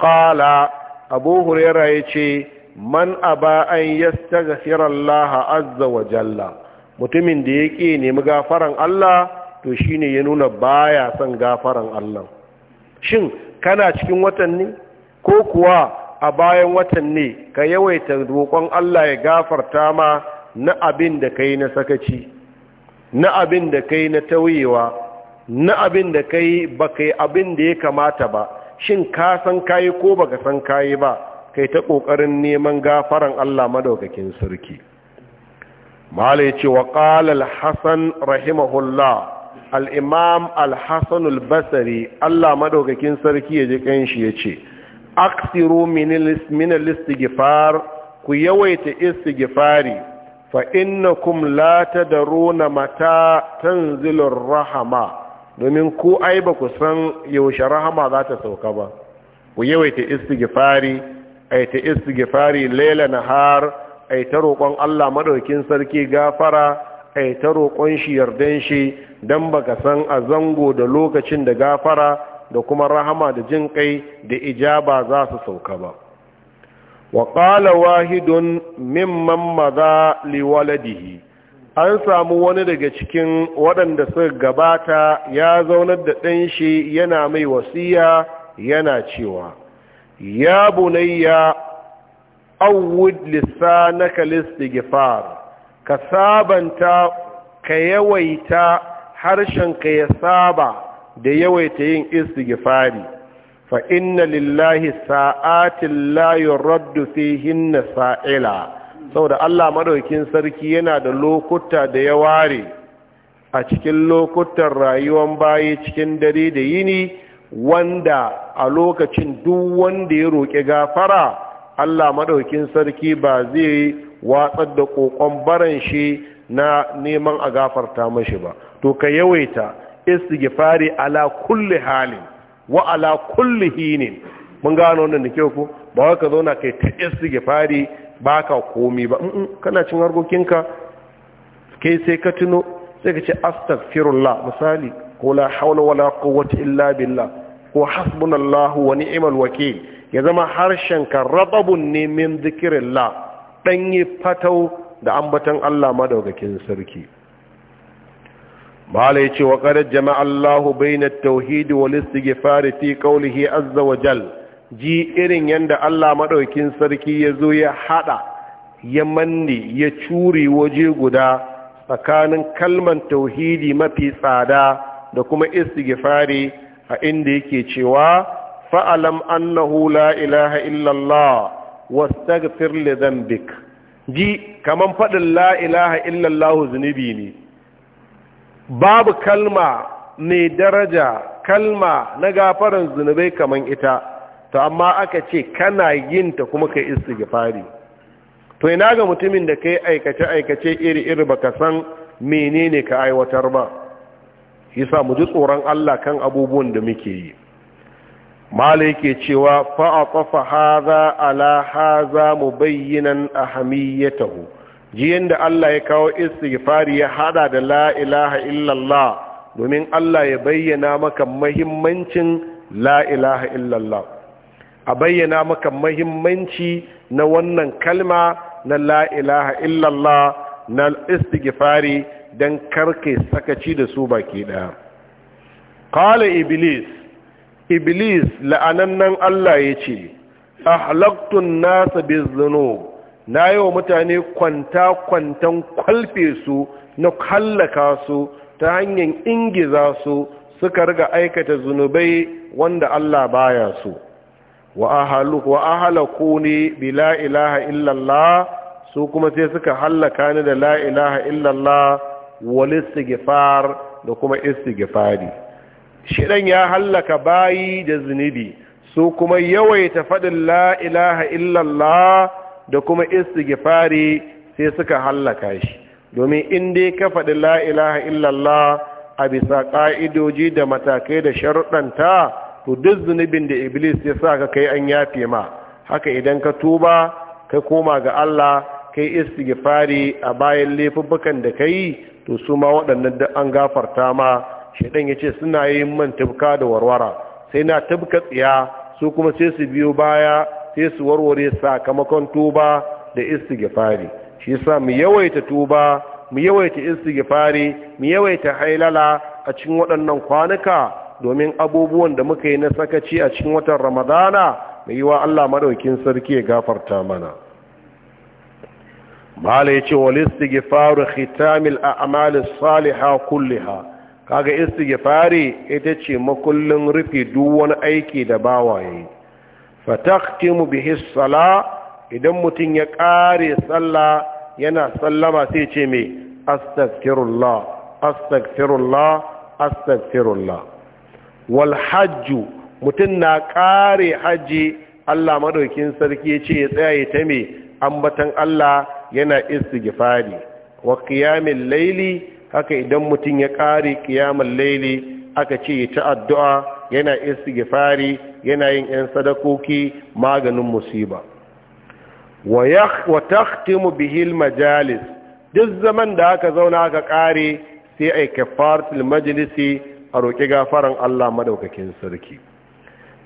kala abu huraira ce, man ba an yastaghfira Allah azza wa jalla mutumin da yake nemi gafaran Allah to shine ya nuna baya son gafaran Allah shin kana cikin watanni, ko kuwa a bayan watan ne ka yawaita roƙon Allah ya gafarta ma na abin da kai na sakaci na abin da kai na tauyewa na abin da kai ba kai abin da ya kamata ba shin ka san kayi ko ba ka san kayi ba kai ta ƙoƙarin neman gafaran Allah madaukakin sarki malai ce wa ƙalal hassan rahimahullah al'imam al-hassan al-basari allah madaukakin sarki ya ji ƙanshi ya ce aksiru al istighfar ku yawaita istighfari fa innakum la tadruna mata tanzilur rahama domin ku ai ba ku san yaushe rahama za ta sauka ba ku yawaita istighfari ai ta istighfari laila nahar ai ta roƙon Allah madaukin sarki gafara ai ta roƙon shi yardan shi dan baka san a zango da lokacin da gafara da kuma rahama da jin kai da ijaba za su sauka ba wa ƙala wahidun mimman maza liwaladihi an samu wani daga cikin waɗanda suka gabata ya zaunar da ɗan shi yana mai wasiya yana cewa ya bunayya awwud lisanaka listighfar ka sabanta ka yawaita harshen ka ya saba da yawaita yin istighfari fa inna lillahi sa'atin la yuraddu fihinna sa'ila saboda Allah madaukin sarki yana da lokuta da ya ware a cikin lokutan rayuwar bayi cikin dare da yini wanda a lokacin duk wanda ya roƙi gafara Allah madaukin sarki ba zai watsar da kokon baran shi na neman a gafarta mashi ba to ka yawaita istighfari ala kulli halin wa ala kulli hinin mun gano wannan da kyau ko ba ka zauna kai ta istighfari baka komi ba kana cin harkokinka kai sai ka tuno sai ka ce astaghfirullah misali ko la hawla wala quwwata illa billah ko hasbunallahu wa ni'mal wakil ya zama harshen ka rababun ne min zikrillah danyi fatau da ambatan Allah madaukakin sarki mala ya ce wa ƙarar jama'allahu bainar tauhidi wa listigifari fi ƙaulihi azza wa jal ji irin yadda allah maɗaukin sarki ya zo ya haɗa ya manne ya curi waje guda tsakanin kalman tauhidi mafi tsada da kuma fari a inda yake cewa fa'alam annahu la ilaha illallah wastaghfir li dhanbik ji kaman faɗin la ilaha illallah zunubi ne babu kalma mai daraja kalma na gafaran zunubai kaman ita to amma aka ce kana yin ta kuma ka kai istighfari to ina ga mutumin da ka yi aikace aikace iri iri baka san menene ka aiwatar ba yasa mu ji tsoron Allah kan abubuwan da muke yi mala yake cewa fa'a atafa haza ala hadha mubayyinan ahamiyatahu jiyan da Allah ya kawo istighfari ya hada da la ilaha illallah domin Allah ya bayyana maka mahimmancin la ilaha illallah a bayyana maka mahimmanci na wannan kalma na la ilaha illallah na istighfari don karke sakaci da su baki daya kala iblis iblis la'anannan Allah ya ce ahlaktun nasa bizunub na yi wa mutane kwanta kwantan kwalfe su na hallaka su ta hanyar ingiza su suka riga aikata zunubai wanda Allah baya su wa ahaluku wa ahalaku ne bi la’ilaha illallah su kuma sai suka hallaka ni da la’ilaha illallah wal gifar da kuma gifari shidan ya hallaka bayi da zunubi su kuma yawaita faɗin lailaha illallah da kuma istighfari sai suka hallaka shi domin in dai ka faɗi la ilaha illallah a bisa ƙa'idoji da matakai da sharuɗanta to duk zunubin da iblis ya sa ka kai an yafe ma haka idan ka tuba ka koma ga Allah kai istighfari a bayan laifukan da ka yi to su ma waɗannan da an gafarta ma shaɗan ya ce suna yin man tubka da warwara sai na tafka tsiya su kuma sai su biyo baya sai su warware sakamakon tuba da istighfari shi yasa mu yawaita tuba mu yawaita istighfari mu yawaita hailala a cikin waɗannan kwanuka domin abubuwan da muka yi na sakaci a cikin watan ramadana mai yi wa allah maɗaukin sarki ya gafarta mana mala ya ce wal istighfar khitamil a'mal salihah kullaha kaga istighfari ita ce makullin rufe duk wani aiki da bawaye fataqtimu bihi sala idan mutum ya kare sallah yana sallama sai ce me astaghfirullah astaghfirullah astaghfirullah wal hajju mutum na kare haji Allah maɗaukin sarki ya ce ya tsaya ya ta me ambatan Allah yana istighfari wa qiyamil laili haka idan mutum ya kare qiyamul laili, aka ce ya ta addu'a yana istighfari yana yin 'yan sadakoki maganin musiba wa takhtimu bihil majalis duk zaman da aka zauna aka kare sai ai kafaratul majlisi a roki gafaran Allah madaukakin sarki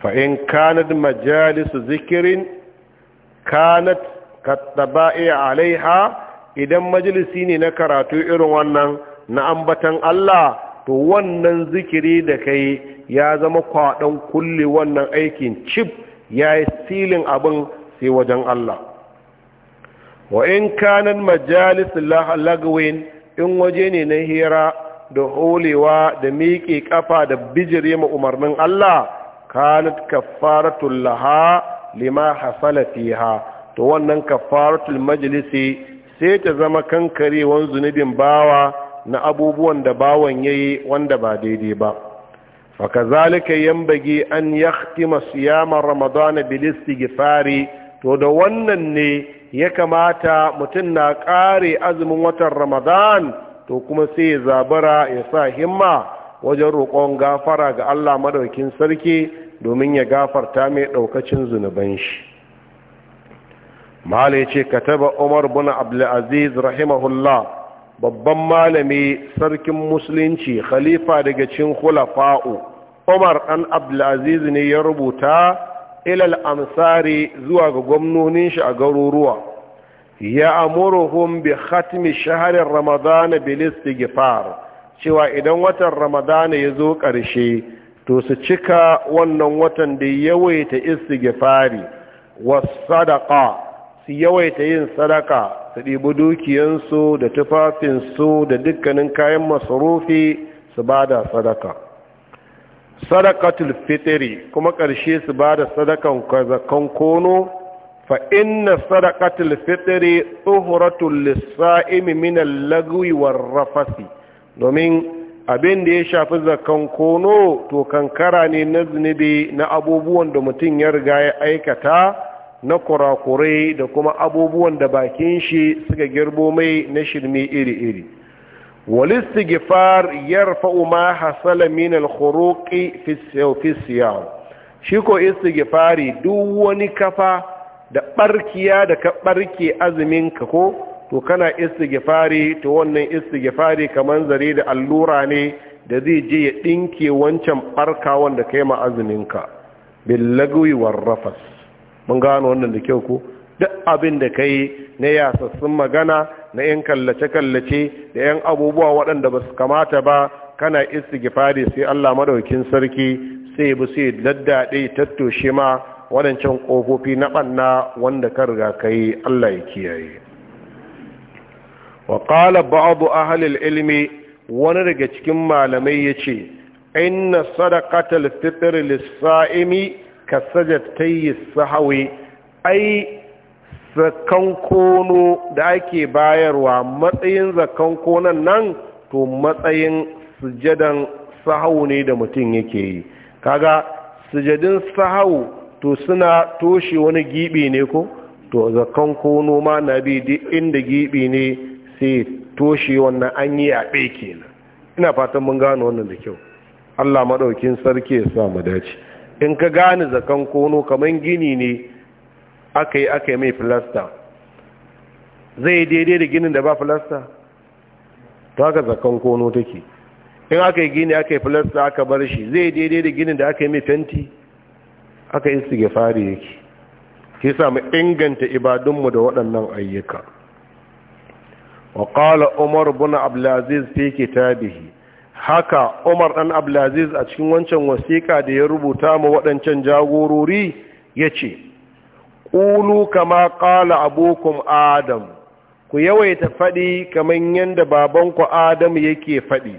fa in kanat majalisu zikirin kanat kataba'i alaiha idan majalisi ne na karatu irin wannan na ambatan Allah to wannan zikiri da kai ya zama kwaɗon kulle wannan aikin cif ya yi silin abin sai wajen Allah wa in kanan majalis lagwin in waje ne na hira da holewa da miƙe ƙafa da bijire ma umarnin Allah kanat kaffaratul laha lima hasala fiha to wannan kaffaratul majalisi sai ta zama kankarewan zunubin bawa na abubuwan da bawan ya yi wanda ba daidai ba yan bagi an yahtima siyama ramadana bil istighfari to da wannan ne ya kamata mutum na ƙare azumin watan ramadan to kuma sai ya zabara ya sa himma wajen roƙon gafara ga Allah madaukin sarki domin ya gafarta mai ɗaukacin zunuban shi malai ka taba umar bin abdulaziz rahimahullah babban malami sarkin musulunci khalifa daga cikin khulafa'u Umar an Abdulaziz ne ya rubuta ilal amsari zuwa ga gwamnonin shi a garuruwa ya amuruhum bi khatmi shaharin ramadana bil istighfar cewa idan watan ramadana ya zo ƙarshe to su cika wannan watan da yawaita istighfari was sadaqa su yawaita yin sadaka su ɗibi dukiyansu da tufafinsu da dukkanin kayan masarufi su ba da sadaka sadakatul fitiri kuma ƙarshe su ba da sadakan zakan kono fa inna sadakatul fitiri lissa, lissa'imi minan lagwi warrafasi domin abin da ya shafi zakan kono to kankara ne na zunubi na abubuwan da mutum ya riga ya aikata na kurakurai da kuma abubuwan da bakin shi suka girbo mai na shirme iri-iri walistighfar yarfa'u ma hasala min al-khuruqi fi siyam shi ko istighfari duk wani kafa da barkiya da ka barke azumin ka ko to kana istighfari to wannan istighfari kamar zare da allura ne da zai je ya dinke wancan barkawan da kai ma azumin ka billagwi warrafas mun gano wannan da kyau ko duk abin da ka yi na yasassun magana na 'yan kallace-kallace da 'yan abubuwa waɗanda ba su kamata ba kana gifari sai Allah madaukin sarki sai bu sai daddade tattoshe ma waɗancan ƙofofi na ɓanna wanda ka riga ka yi Allah ya kiyaye wa qala ba'd ahli ilmi wani daga cikin malamai yace inna sadaqatal fitr lis-sa'imi kasajattai sahawi ai zakan kono da ake bayarwa matsayin zakan konon nan to matsayin sujadan sahau ne da mutum yake yi kaga sujadin sahau to suna toshe wani gibi ne ko to zakan kono ma na bi duk inda gibi ne sai toshe wannan an yi a kenan ina fatan mun gano wannan da kyau Allah maɗaukin sarki ya sa mu dace in ka gane zakan kono kamar gini ne aka yi aka yi mai filasta zai daidai da ginin da ba filasta ta haka zakan kono take in aka yi gini aka yi filasta aka bar shi zai daidai da ginin da aka yi mai fenti aka yi su fari yake ke samu inganta ibadunmu da waɗannan ayyuka wa ƙala umar bin lazis fi kitabihi haka umar dan abdulaziz a cikin wancan wasiƙa da ya rubuta ma waɗancan jagorori ya ce ƙulu kama ƙala abokum adam ku yawaita faɗi kaman yadda babanku adam yake faɗi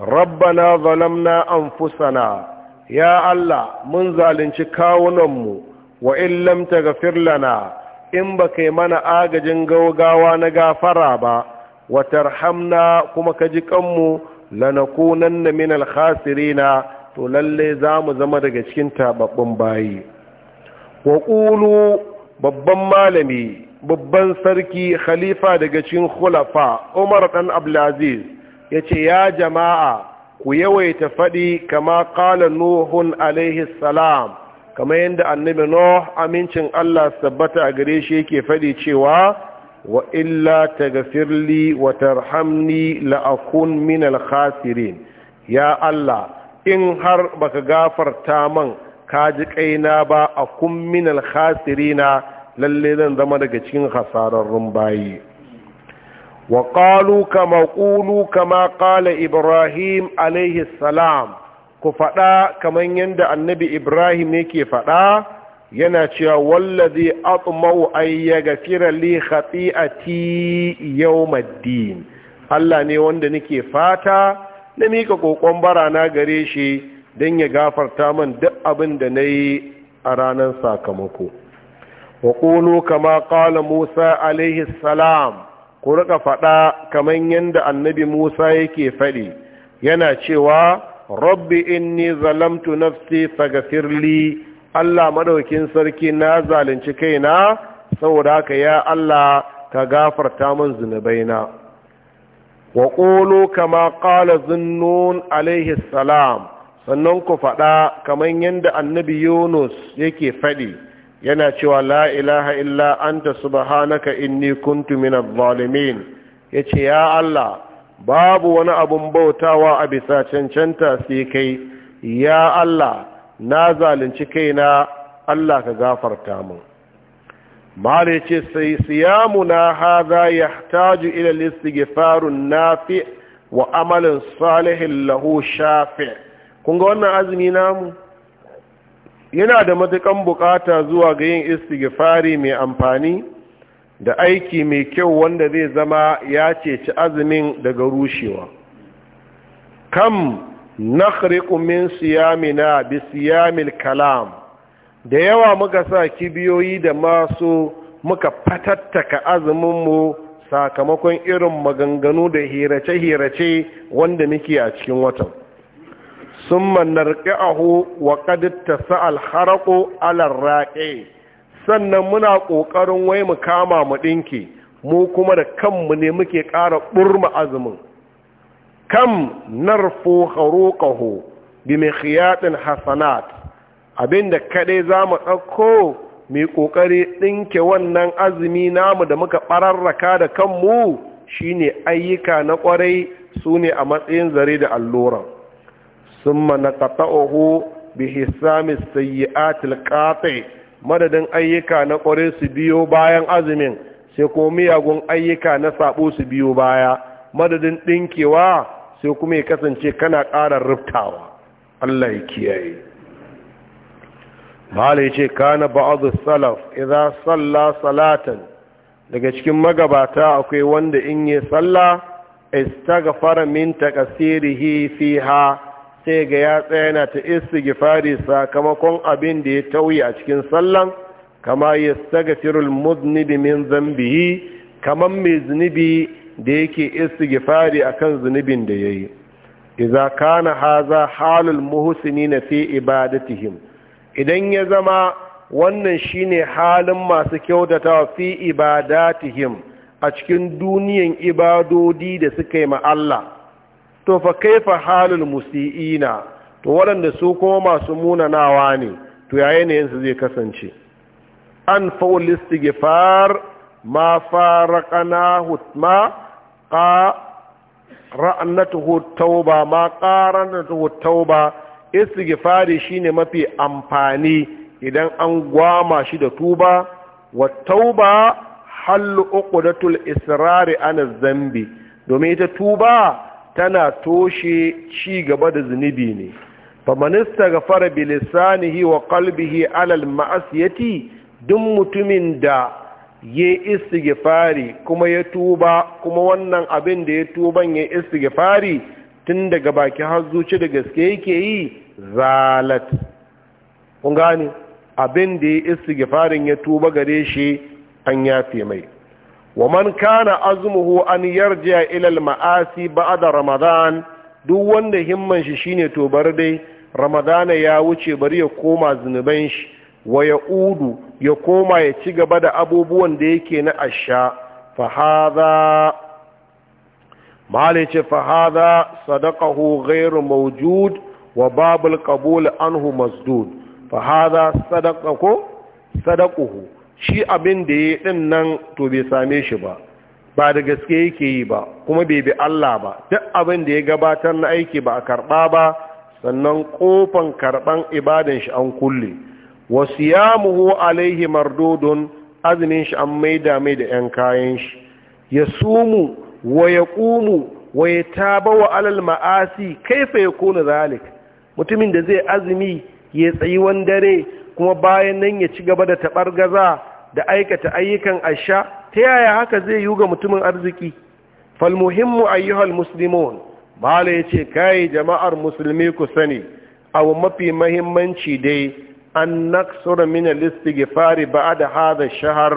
rabbana zalamna anfusana ya Allah mun zalunci kawunanmu wa illam tagfir lana in baka mana agajin gaugawa na gafara ba wa tarhamna kuma ka ji kanmu lanakunanna min alkhasirina to lalle za mu zama daga cikin tababbun bayi wa qulu babban malami babban sarki khalifa daga cikin khulafa Umar dan Abdulaziz yace ya jama'a ku yawaita faɗi kama qala nuhun alaihi salam kama yadda annabi nuh amincin Allah tabbata a gare shi yake faɗi cewa wa illa taghfirli wa tarhamni la akun min ya Allah in har baka gafarta man ka ji kaina ba akun min al lalle zan zama daga cikin hasararrun bayi wa qalu kama qulu kama qala ibrahim alaihi salam ku faɗa kamar yadda annabi ibrahim yake faɗa yana cewa wallazi atmau an yaghfira li khati'ati maddin Allah ne wanda nake fata na mika kokon barana gare shi don ya gafarta man duk abin da nayi a ranar sakamako wa qulu kama qala Musa alaihi salam ku rika faɗa kaman yadda annabi Musa yake faɗi? yana cewa rabbi inni zalamtu nafsi faghfir Allah madaukin sarki na zalunci kaina saboda haka ya Allah ka gafarta min zunubaina wa qulu kama qala zunnun alayhi salam sannan ku faɗa kaman yadda annabi Yunus yake faɗi yana cewa la ilaha illa anta subhanaka inni kuntu minadh zalimin yace ya Allah babu wani abun bautawa a bisa cancanta sai kai ya Allah na zalunci kaina Allah ka gafarta mun. mare ce sai na haza ya yahtaju ila al nafi wa amalin salihin lahu shafi kun ga wannan azumi namu yana da matukan bukata zuwa ga yin istighfari mai amfani da aiki mai kyau wanda zai zama ya ceci azumin daga rushewa kam nakhriqu min siyamina bi siyamil kalam da yawa muka sa kibiyoyi da masu muka fatattaka azuminmu sakamakon irin maganganu da hirace-hirace wanda muke a cikin watan sun manarƙi'ahu wa ƙaditta sa'al haraƙo alar raƙe sannan muna ƙoƙarin wai mu kama mu ɗinki mu kuma da kanmu ne muke ƙara ɓurma azumin kam narfu haruƙahu bi mai hasanat abinda kaɗai za mu ɗauko mai ƙoƙari ɗinke wannan azumi namu da muka ɓararraka da kanmu shine ayyuka na ƙwarai su ne a matsayin zare da alluran sun mana ƙata'uhu bi hisamis sayyi'atil qati madadin ayyuka na ƙwarai su biyo bayan azumin sai kuma miyagun ayyuka na sabo su biyo baya madadin ɗinkewa sai kuma ya kasance kana ƙara rubtawa Allah ya kiyaye malai ce kana ba'adu salaf idza salla salatan daga cikin magabata akwai wanda in yi salla istaghfara min takasirihi fiha sai ga ya tsaya yana ta istighfari sakamakon abin da ya tauye a cikin sallan kama yastaghfirul mudnibi min zambihi kaman mai zunubi da yake istighfari akan zunubin da yayi idza kana haza halul muhsinina fi ibadatihim idan ya zama wannan shine halin masu kyautata fi ibadatihim a cikin duniyan ibadodi da suka yi ma Allah to fa kaifa halul musiiina to waɗanda su kuma masu munanawa ne to yayin ne yansu zai kasance an fa'ul istighfar ma faraqana ma qa ra'annatuhu tauba ma qaranatuhu tauba istighfari shine mafi amfani idan an gwama shi da tuba wa tauba hallu uqdatul israri an zambi domin ita tuba tana toshe ci gaba da zunubi ne faman istaghfara bi lisanihi wa qalbihi ala al ma'asiyati duk mutumin da ya istighfari kuma ya tuba kuma wannan abin da ya tuban ya istighfari tun daga baki har zuci da gaske yake yi zalat kun gane abin da ya istighfarin ya tuba gare shi an yafe mai wa man kana azmuhu an yarji'a ila al-ma'asi ba'da ramadan duk wanda himman shi shine to dai ramadana ya wuce bari ya koma zunuban shi wa udu ya koma ya ci gaba da abubuwan da yake na asha fahaza malai ce fahaza Sadakahu Gairu Maujud wa babul qabul anhu masdud fahaza Sadakahu sadaquhu shi abin da yayi din nan to bai same shi ba ba da gaske yake yi ba kuma bai bi Allah ba duk abin da ya gabatar na aiki ba a karɓa ba sannan kofan karban ibadan shi an kulle wa siyamuhu alaihi mardudun azumin shi an maida mai da yan kayan shi ya sumu wa ya ƙumu wa ya taba wa alal ma'asi kaifa ya kone zalik mutumin da zai azumi ya tsayi wandare, kuma bayan nan ya ci gaba da taɓar gaza da aikata ayyukan asha ta yaya haka zai yi ga mutumin arziki falmuhimmu ayyuhal muslimun bala ya ce kai jama'ar musulmi ku sani abu mafi mahimmanci dai an naksura min al-istighfari ba'da hadha ash-shahr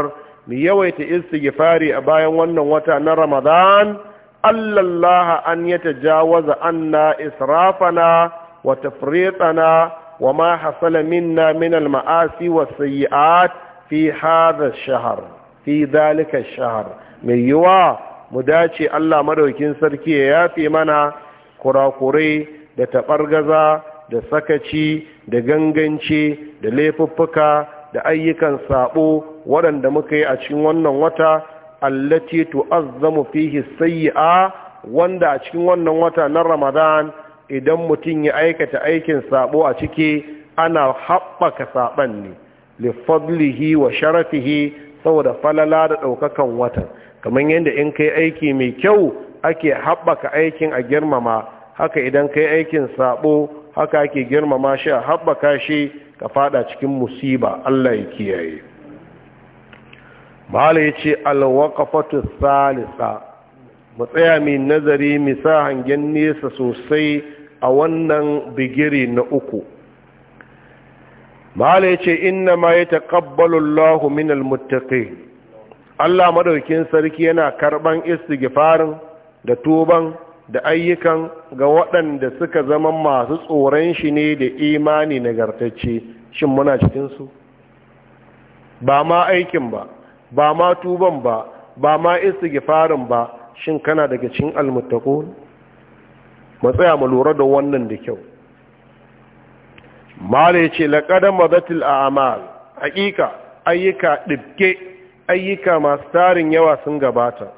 mi yawaita istighfari a bayan wannan wata na Ramadan Allah an yatajawaza anna israfana wa tafriqana wa ma hasala minna min al-ma'asi was-sayyi'at fi hadha ash-shahr fi dhalika ash-shahr mai yiwa mu dace Allah madaukin sarki ya yafe mana kurakurai da taɓargaza da sakaci da ganganci da laifuffuka da ayyukan sabo waɗanda muka yi a cikin wannan wata allati tu'azzamu fihi sayyi'a wanda a cikin wannan wata na Ramadan idan mutum ya aikata aikin sabo a ciki ana haɓaka saban ne li fadlihi wa sharafihi saboda falala da ɗaukakan watan kamar yadda in kai aiki mai kyau ake haɓaka aikin a girmama haka idan kai aikin sabo haka ake girmama shi a haɓaka shi ka fada cikin musiba Allah ya kiyaye mahala ya ce alwakafatu salisa matsaya mai nazari misa hangen nesa sosai a wannan bigiri na uku mahala ya ce inna ma ya taƙabbalu Allahu min almuttaqin Allah Maɗaukin sarki yana karɓan istigifarin da tuban da ayyukan ga waɗanda suka zama masu tsoron shi ne da imani nagartacce shin muna cikinsu ba ma aikin ba ba ma tuban ba ba ma istighfarin ba shin kana daga cikin almuttaqun matsaya mu lura da wannan da kyau mala yace laqad madatil a'mal haqiqa ayyuka dibke ayyuka masu tarin yawa sun gabata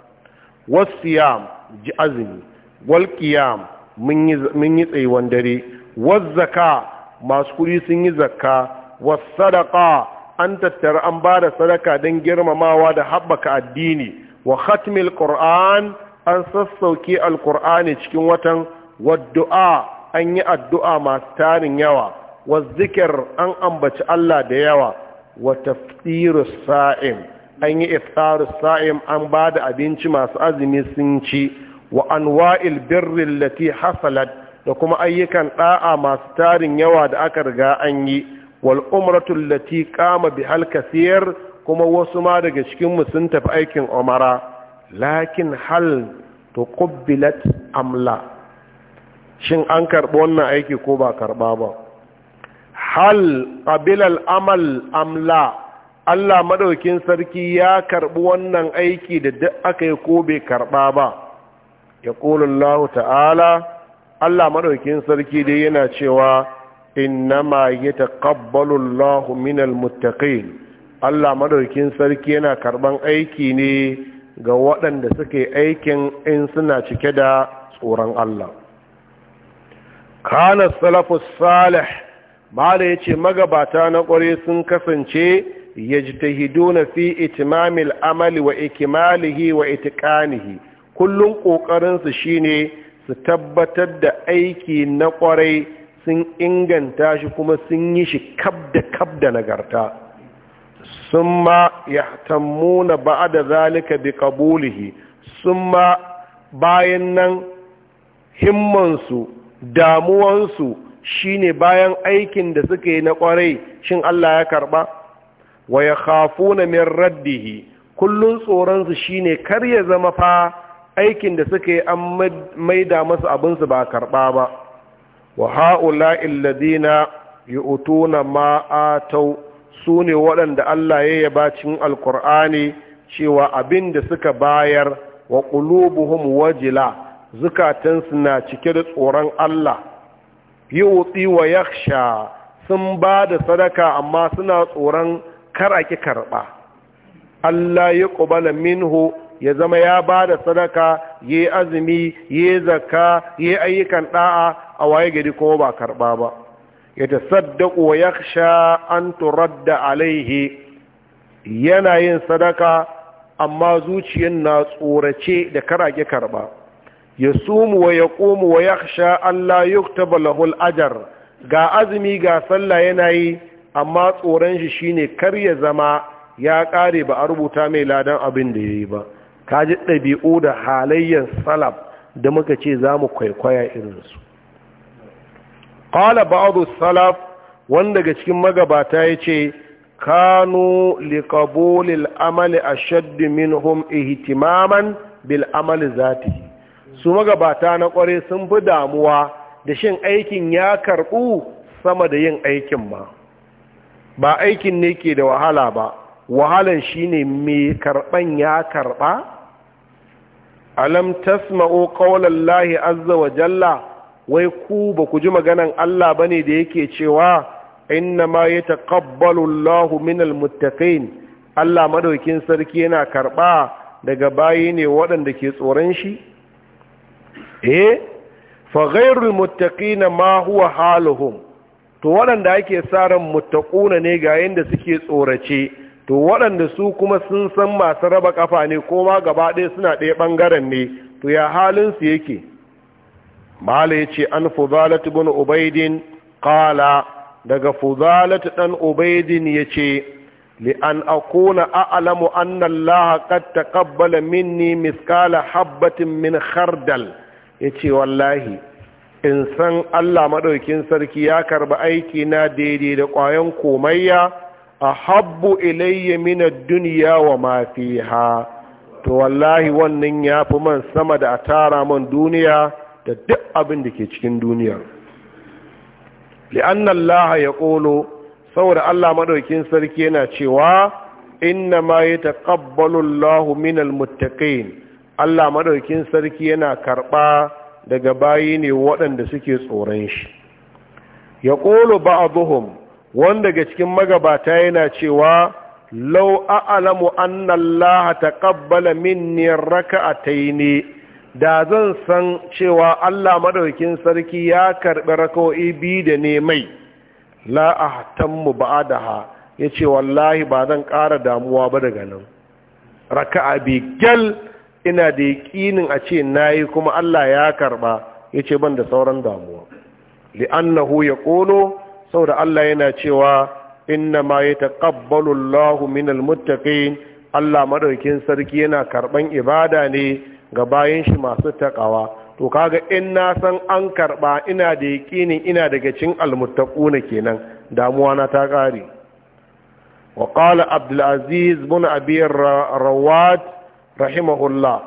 wasiyam ji azumi wal qiyam mun yi tsayuwan dare waz zaka masu kuɗi sun yi zakka was sadaqa an tattara an ba da sadaka don girmamawa da haɓaka addini wa khatmil qur'an an sassauke alqur'ani cikin watan waddu'a an yi addu'a masu tarin yawa wa zikir an ambaci Allah da yawa wa tafsiru sa'im an yi iftaru sa'im an ba da abinci masu azumi sun ci wa anwa'il birri lati hasalat da kuma ayyukan ɗa'a masu tarin yawa da aka riga an yi wal umratu lati qama bihal kaseer kuma wasu ma daga cikin musun sun tafi aikin umara lakin hal tuqbilat amla shin an karɓi wannan aiki ko ba karɓa ba hal qabilal amal amla Allah maɗaukin sarki ya karɓi wannan aiki da duk aka yi ko bai karɓa ba ya ƙulullahu ta'ala Allah maɗaukin sarki dai yana cewa innama ya taƙabbalullahu minal muttaqin Allah maɗaukin sarki yana karɓan aiki ne ga waɗanda suke aikin in suna cike da tsoron Allah kanar salafus salih ya ce magabata na ƙware sun kasance yajtahiduna fi itimamil amali wa ikimalihi wa itqanihi kullum ƙoƙarinsu shine su tabbatar da aiki na ƙwarai sun inganta shi kuma sun yi shi kab da kab da nagarta sun ma ya tammuna ba da zalika bi ƙabulihi sun ma bayan nan himmansu damuwansu shi ne bayan aikin da suka yi na ƙwarai shin Allah ya karɓa wa ya khafuna min raddihi kullun tsoronsu ne kar ya zama fa aikin da suka yi an maida masu abinsu ba karɓa ba wa ha'ula illadina yi utuna ma'atau su ne waɗanda Allah ya yaba cin alkur'ani cewa abin da suka bayar wa ƙulubuhum wajila zukatansu na cike da tsoron Allah yi utsi wa yaksha sun ba da sadaka amma suna tsoron ki karɓa Allah ya ƙubala minhu ya zama ya ba da sadaka ya azumi ya zaka ya ayyukan da'a a waye gari kuma ba karba ba ya ta tasaddaqu wa sha an turadda alaihi yana yin sadaka amma zuciyar na tsorace da karage karba ya sumu wa ya yaqumu wa yakhsha an Allah yuktaba lahu ajar ga azumi ga sallah yana yi amma tsoron shi shine kar ya zama ya kare ba a rubuta mai ladan abin da ya yi ba ka ji ɗabi'u da halayyar salaf da muka ce za mu kwaikwaya irinsu ƙala ba'adu salaf wanda daga cikin magabata ya ce kanu liƙabolil amali a min minhum ihtimaman bil amali zati su magabata na ƙware sun fi damuwa da shin aikin ya karɓu sama da yin aikin ma ba aikin ne ke da wahala ba wahalan shine mai karɓan ya karɓa alam tasma'u qawlallahi azza wa jalla wai ku ba ku ji maganan Allah bane da yake cewa inna ma yataqabbalu Allahu minal almuttaqin Allah madaukin sarki yana karba daga bayi ne waɗanda ke tsoron shi eh fa ghayru almuttaqin ma huwa haluhum to waɗanda ake sa ran muttaquna ne ga yanda suke tsorace to waɗanda su kuma sun san masu raba ƙafa ne ko gaba ɗaya suna ɗaya ɓangaren ne to ya halin su yake mala ya ce an fuzalat bin ubaidin qala daga fuzalatu ɗan ubaidin ya ce li an akuna a'lamu anna allaha qad taqabbala minni miskala habbatin min khardal yace wallahi in san Allah maɗaukin sarki ya karba aiki na daidai da ƙwayan komayya ahabbu ilayya min ad-dunya wa ma fiha to wallahi wannan yafi man sama da a tara man duniya da duk abin da ke cikin duniya li'anna Allah ya qulu saboda Allah madaukin sarki yana cewa inna ma yataqabbalu Allahu min al-muttaqin Allah madaukin sarki yana karba daga bayi ne waɗanda suke tsoron shi ya qulu ba'dhum wanda daga cikin magabata yana cewa lau a'lamu anna allaha taqabbala minni raka'ataini da zan san cewa Allah madaukakin sarki ya karɓi raka'o'i bi da ne mai la ahtammu ba'daha yace wallahi ba zan ƙara damuwa ba daga nan raka'a bi gyal. ina da yaƙinin a ce nayi kuma Allah ya karba yace ban da sauran damuwa li'annahu yaqulu saboda Allah yana cewa inna ma yataqabbalu Allahu minal muttaqin Allah madaukin sarki yana karban ibada ne ga bayan shi masu taƙawa. to kaga in na san an karɓa, ina da yakinin ina daga cikin almuttaquna kenan damuwa na ta kare wa qala Abdul Aziz bin Abi Rawat rahimahullah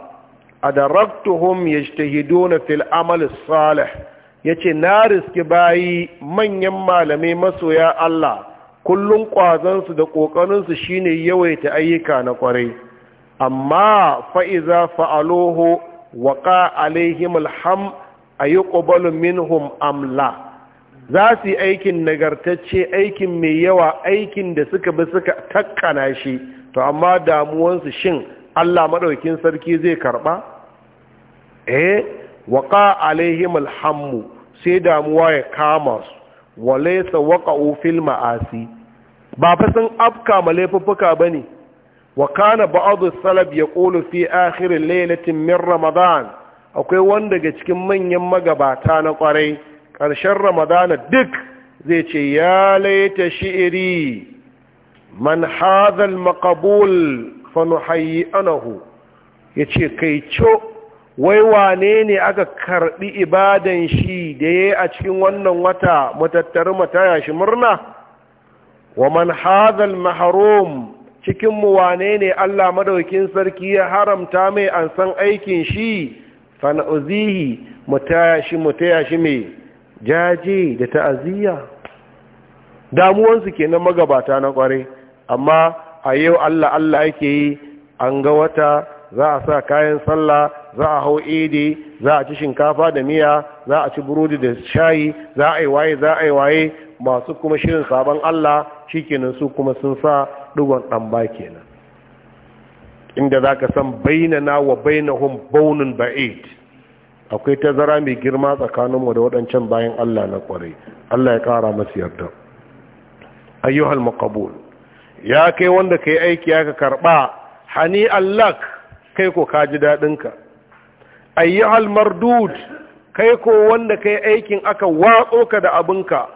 adaraktuhum yajtahiduna fil amal salih ya ce na riski bayi manyan malamai masoya Allah kullum kwazansu da ƙoƙarinsu shine yawaita ayyuka na kwarai, amma fa'iza fa'aloho waƙa alaihim alham a yi ƙobalin minhum amla za su yi aikin nagartacce aikin mai yawa aikin da suka bi suka takkana shi to amma damuwansu shin Allah maɗaukin sarki zai karɓa? eh waƙa alaihim alhammu sai damuwa ya kama su walaisa waka ofil ma'asi ba fa sun afka ma laifuffuka ba ne wa kana ba'adu salaf ya ƙulu fi akhirin lailatin min ramadan akwai wanda daga cikin manyan magabata na ƙwarai ƙarshen ramadana duk zai ce ya laita shi'iri man hadhal maqbul fa nuhayyi anahu ce kai co wai wane ne aka karɓi ibadan shi da ya a cikin wannan wata matattari mataya shi murna wa man hazal maharom cikin mu wane ne Allah madaukin sarki ya haramta mai an san aikin shi fana'uzihi mataya shi mataya shi mai jaje da ta'aziyya damuwansu ke nan magabata na kware amma a yau Allah Allah yake yi an ga wata za a sa kayan sallah za a hau ede za a ci shinkafa da miya za a ci burodi da shayi za a yi waye za a yi waye masu kuma shirin sabon Allah shikenan su kuma sun sa digon dan ba kenan inda za ka san bainana wa bainahum baunin ba'id akwai tazara mai girma tsakaninmu da waɗancan bayan Allah na kwarai Allah ya kara masu yarda ayyuhal maqbul ya kai wanda kai aiki aka karɓa hani allak kai ko ka ji daɗinka ayyuhal mardud kai ko wanda kai aikin aka watso ka da abinka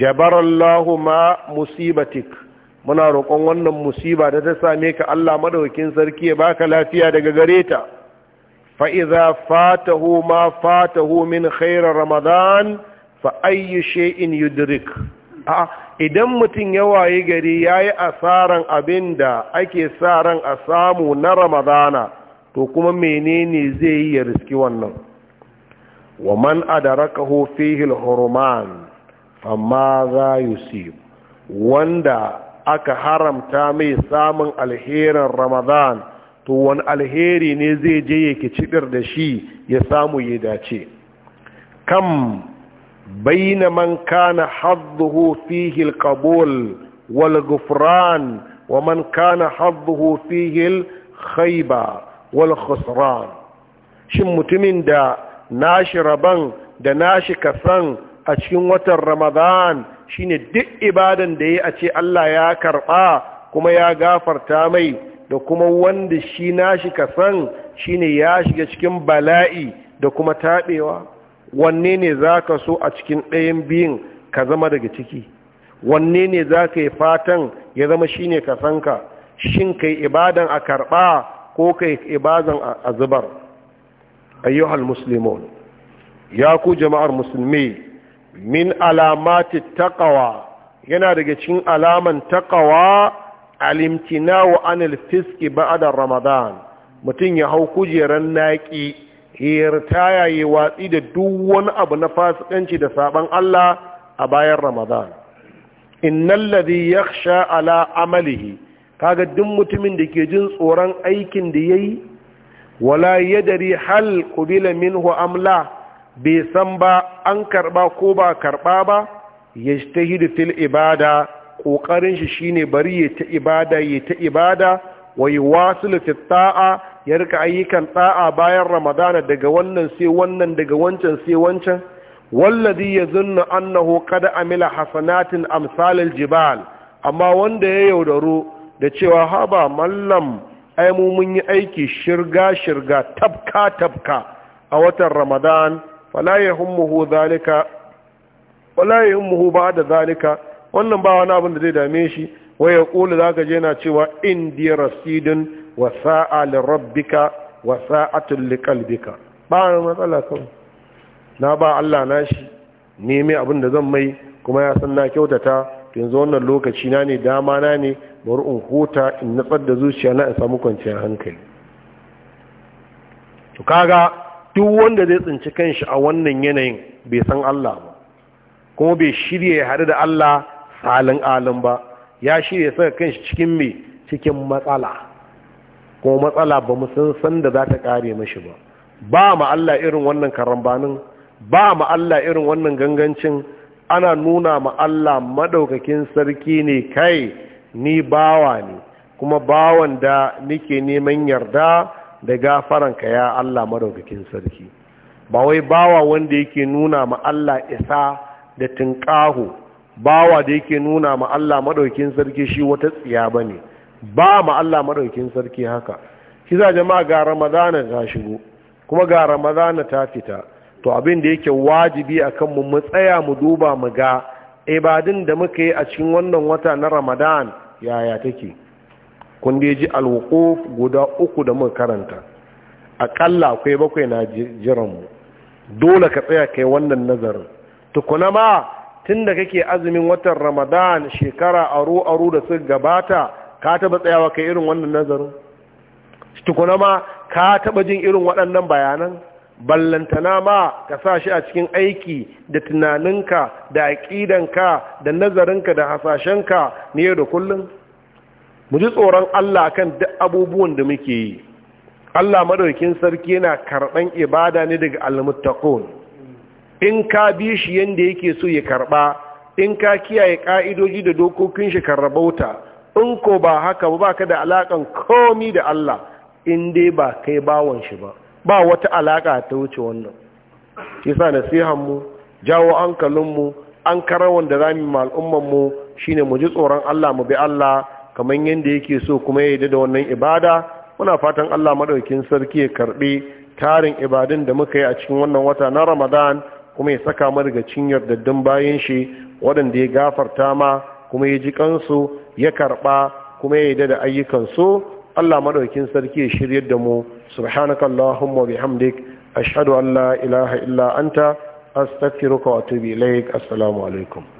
jabarallahu ma musibatik muna roƙon wannan musiba da ta same ka Allah madaukakin sarki ya baka lafiya daga gareta. ta fa iza fatahu ma fatahu min khair ramadan fa ayyu shay'in yudrik a idan mutum ya waye gari yayi asaran abinda ake sa ran a samu na ramadana to kuma menene zai yi ya riski wannan wa man adarakahu hurman famma za wanda aka haramta mai samun alherin ramadan to wani alheri ne zai je yake cidir da shi ya samu ya dace kam baina man kana hadduhu fihi al wal ghufran wa man kana hadduhu fihi al wal khusran shin mutumin da nashi raban da nashi kasan a cikin watan ramadan shine duk ibadan da ya a ce Allah ya karba kuma ya gafarta mai da kuma wanda shi nashi kasan shine ya shiga cikin bala'i da kuma taɓewa wanne ne zaka so a cikin ɗayan biyun ka zama daga ciki wanne ne zaka yi fatan ya zama shine kasanka shin kai ibadan a karɓa ko kai ibazan a zubar ayyuhal muslimun ya ku jama'ar musulmi min alamati taqwa yana daga cikin alaman taqwa alimtina'u anil fiski ba'da ramadan mutum ya hau kujeran naki ya ritaya watsi da duk wani abu na fasikanci da saban Allah a bayan ramadan innal ladhi yakhsha ala amalihi kaga duk mutumin da ke jin tsoron aikin da yayi wala yadari hal kubila minhu amla bai san ba an karba ko ba karba ba yajtahidu fil ibada kokarin shi shine bari ya ta ibada ya ta ibada wa yuwasilu fit ta'a ya rika ayyukan ta'a bayan ramadana daga wannan sai wannan daga wancan sai wancan wallazi yazunnu annahu qad amila hasanatin amsalil jibal amma wanda ya yaudaro da cewa haba mallam ai mu mun yi aiki shirga shirga tabka tabka a watan ramadan fala yahummuhu zalika wala yahummuhu ba'da zalika wannan ba wani abin da zai dame shi wa za ka je na cewa indi rasidun wa matsala kawai na ba Allah na shi neme abin da zan mai kuma ya san na kyautata yanzu wannan lokaci na ne dama na ne bari in huta in natsar da zuciya na in samu kwanciyar hankali to kaga duk wanda zai tsinci kanshi a wannan yanayin bai san Allah ba kuma bai shirya ya haɗu da Allah salin alin ba ya shirye saka kanshi cikin mai cikin matsala kuma matsala ba mu san san da za ta kare mashi ba ba ma Allah irin wannan karambanin ba ma Allah irin wannan gangancin ana nuna ma Allah madaukakin sarki ne kai ni bawa ne kuma bawan da nike neman yarda da gafaranka ya Allah madaukakin sarki ba wai bawa wanda yake nuna ma Allah isa da tinkaho bawa da yake nuna ma Allah madaukakin sarki shi wata tsiya bane ba ma Allah madaukakin sarki haka kiza jama'a ga ramadana ta shigo kuma ga ramadana ta fita to abin da yake wajibi akan mu mu tsaya mu duba mu ga ibadin da muka yi a cikin wannan wata na ramadan yaya take kun da ji alwuquf guda uku da mun karanta akalla akwai bakwai na jiran mu dole ka tsaya kai wannan nazarin tukuna ma tunda kake azumin watan Ramadan shekara aro aro da suka gabata ka taba tsayawa kai irin wannan nazarin tukuna ma ka taba jin irin waɗannan bayanan ballantana ma ka sa shi a cikin aiki da tunaninka da aƙidanka da nazarinka da hasashenka ne da kullum mu ji tsoron Allah kan duk abubuwan da muke yi Allah madaukin sarki yana karɓan ibada ne daga almuttaqun in ka bi shi yanda yake so ya karɓa in ka kiyaye ka'idoji da dokokin shi karrabauta in ko ba haka ba ka da alakan komi da Allah in dai ba kai bawon shi ba ba wata alaka ta wuce wannan shi sa nasihan mu jawo hankalin an karawan da zamu ma al'umman mu shine mu ji tsoron Allah mu bi Allah kamar yadda yake so kuma ya yi da wannan ibada muna fatan Allah madaukin sarki ya karbe tarin ibadun da muka yi a cikin wannan wata na Ramadan kuma ya saka mu daga cinyar daddun bayan shi waɗanda ya gafarta ma kuma ya ji kansu ya karɓa kuma ya yi da ayyukan su Allah madaukin sarki ya shiryar da mu subhanaka allahumma bihamdik ashhadu ashadu allah ilaha illa anta astaghfiruka wa atubu ilaik assalamu alaikum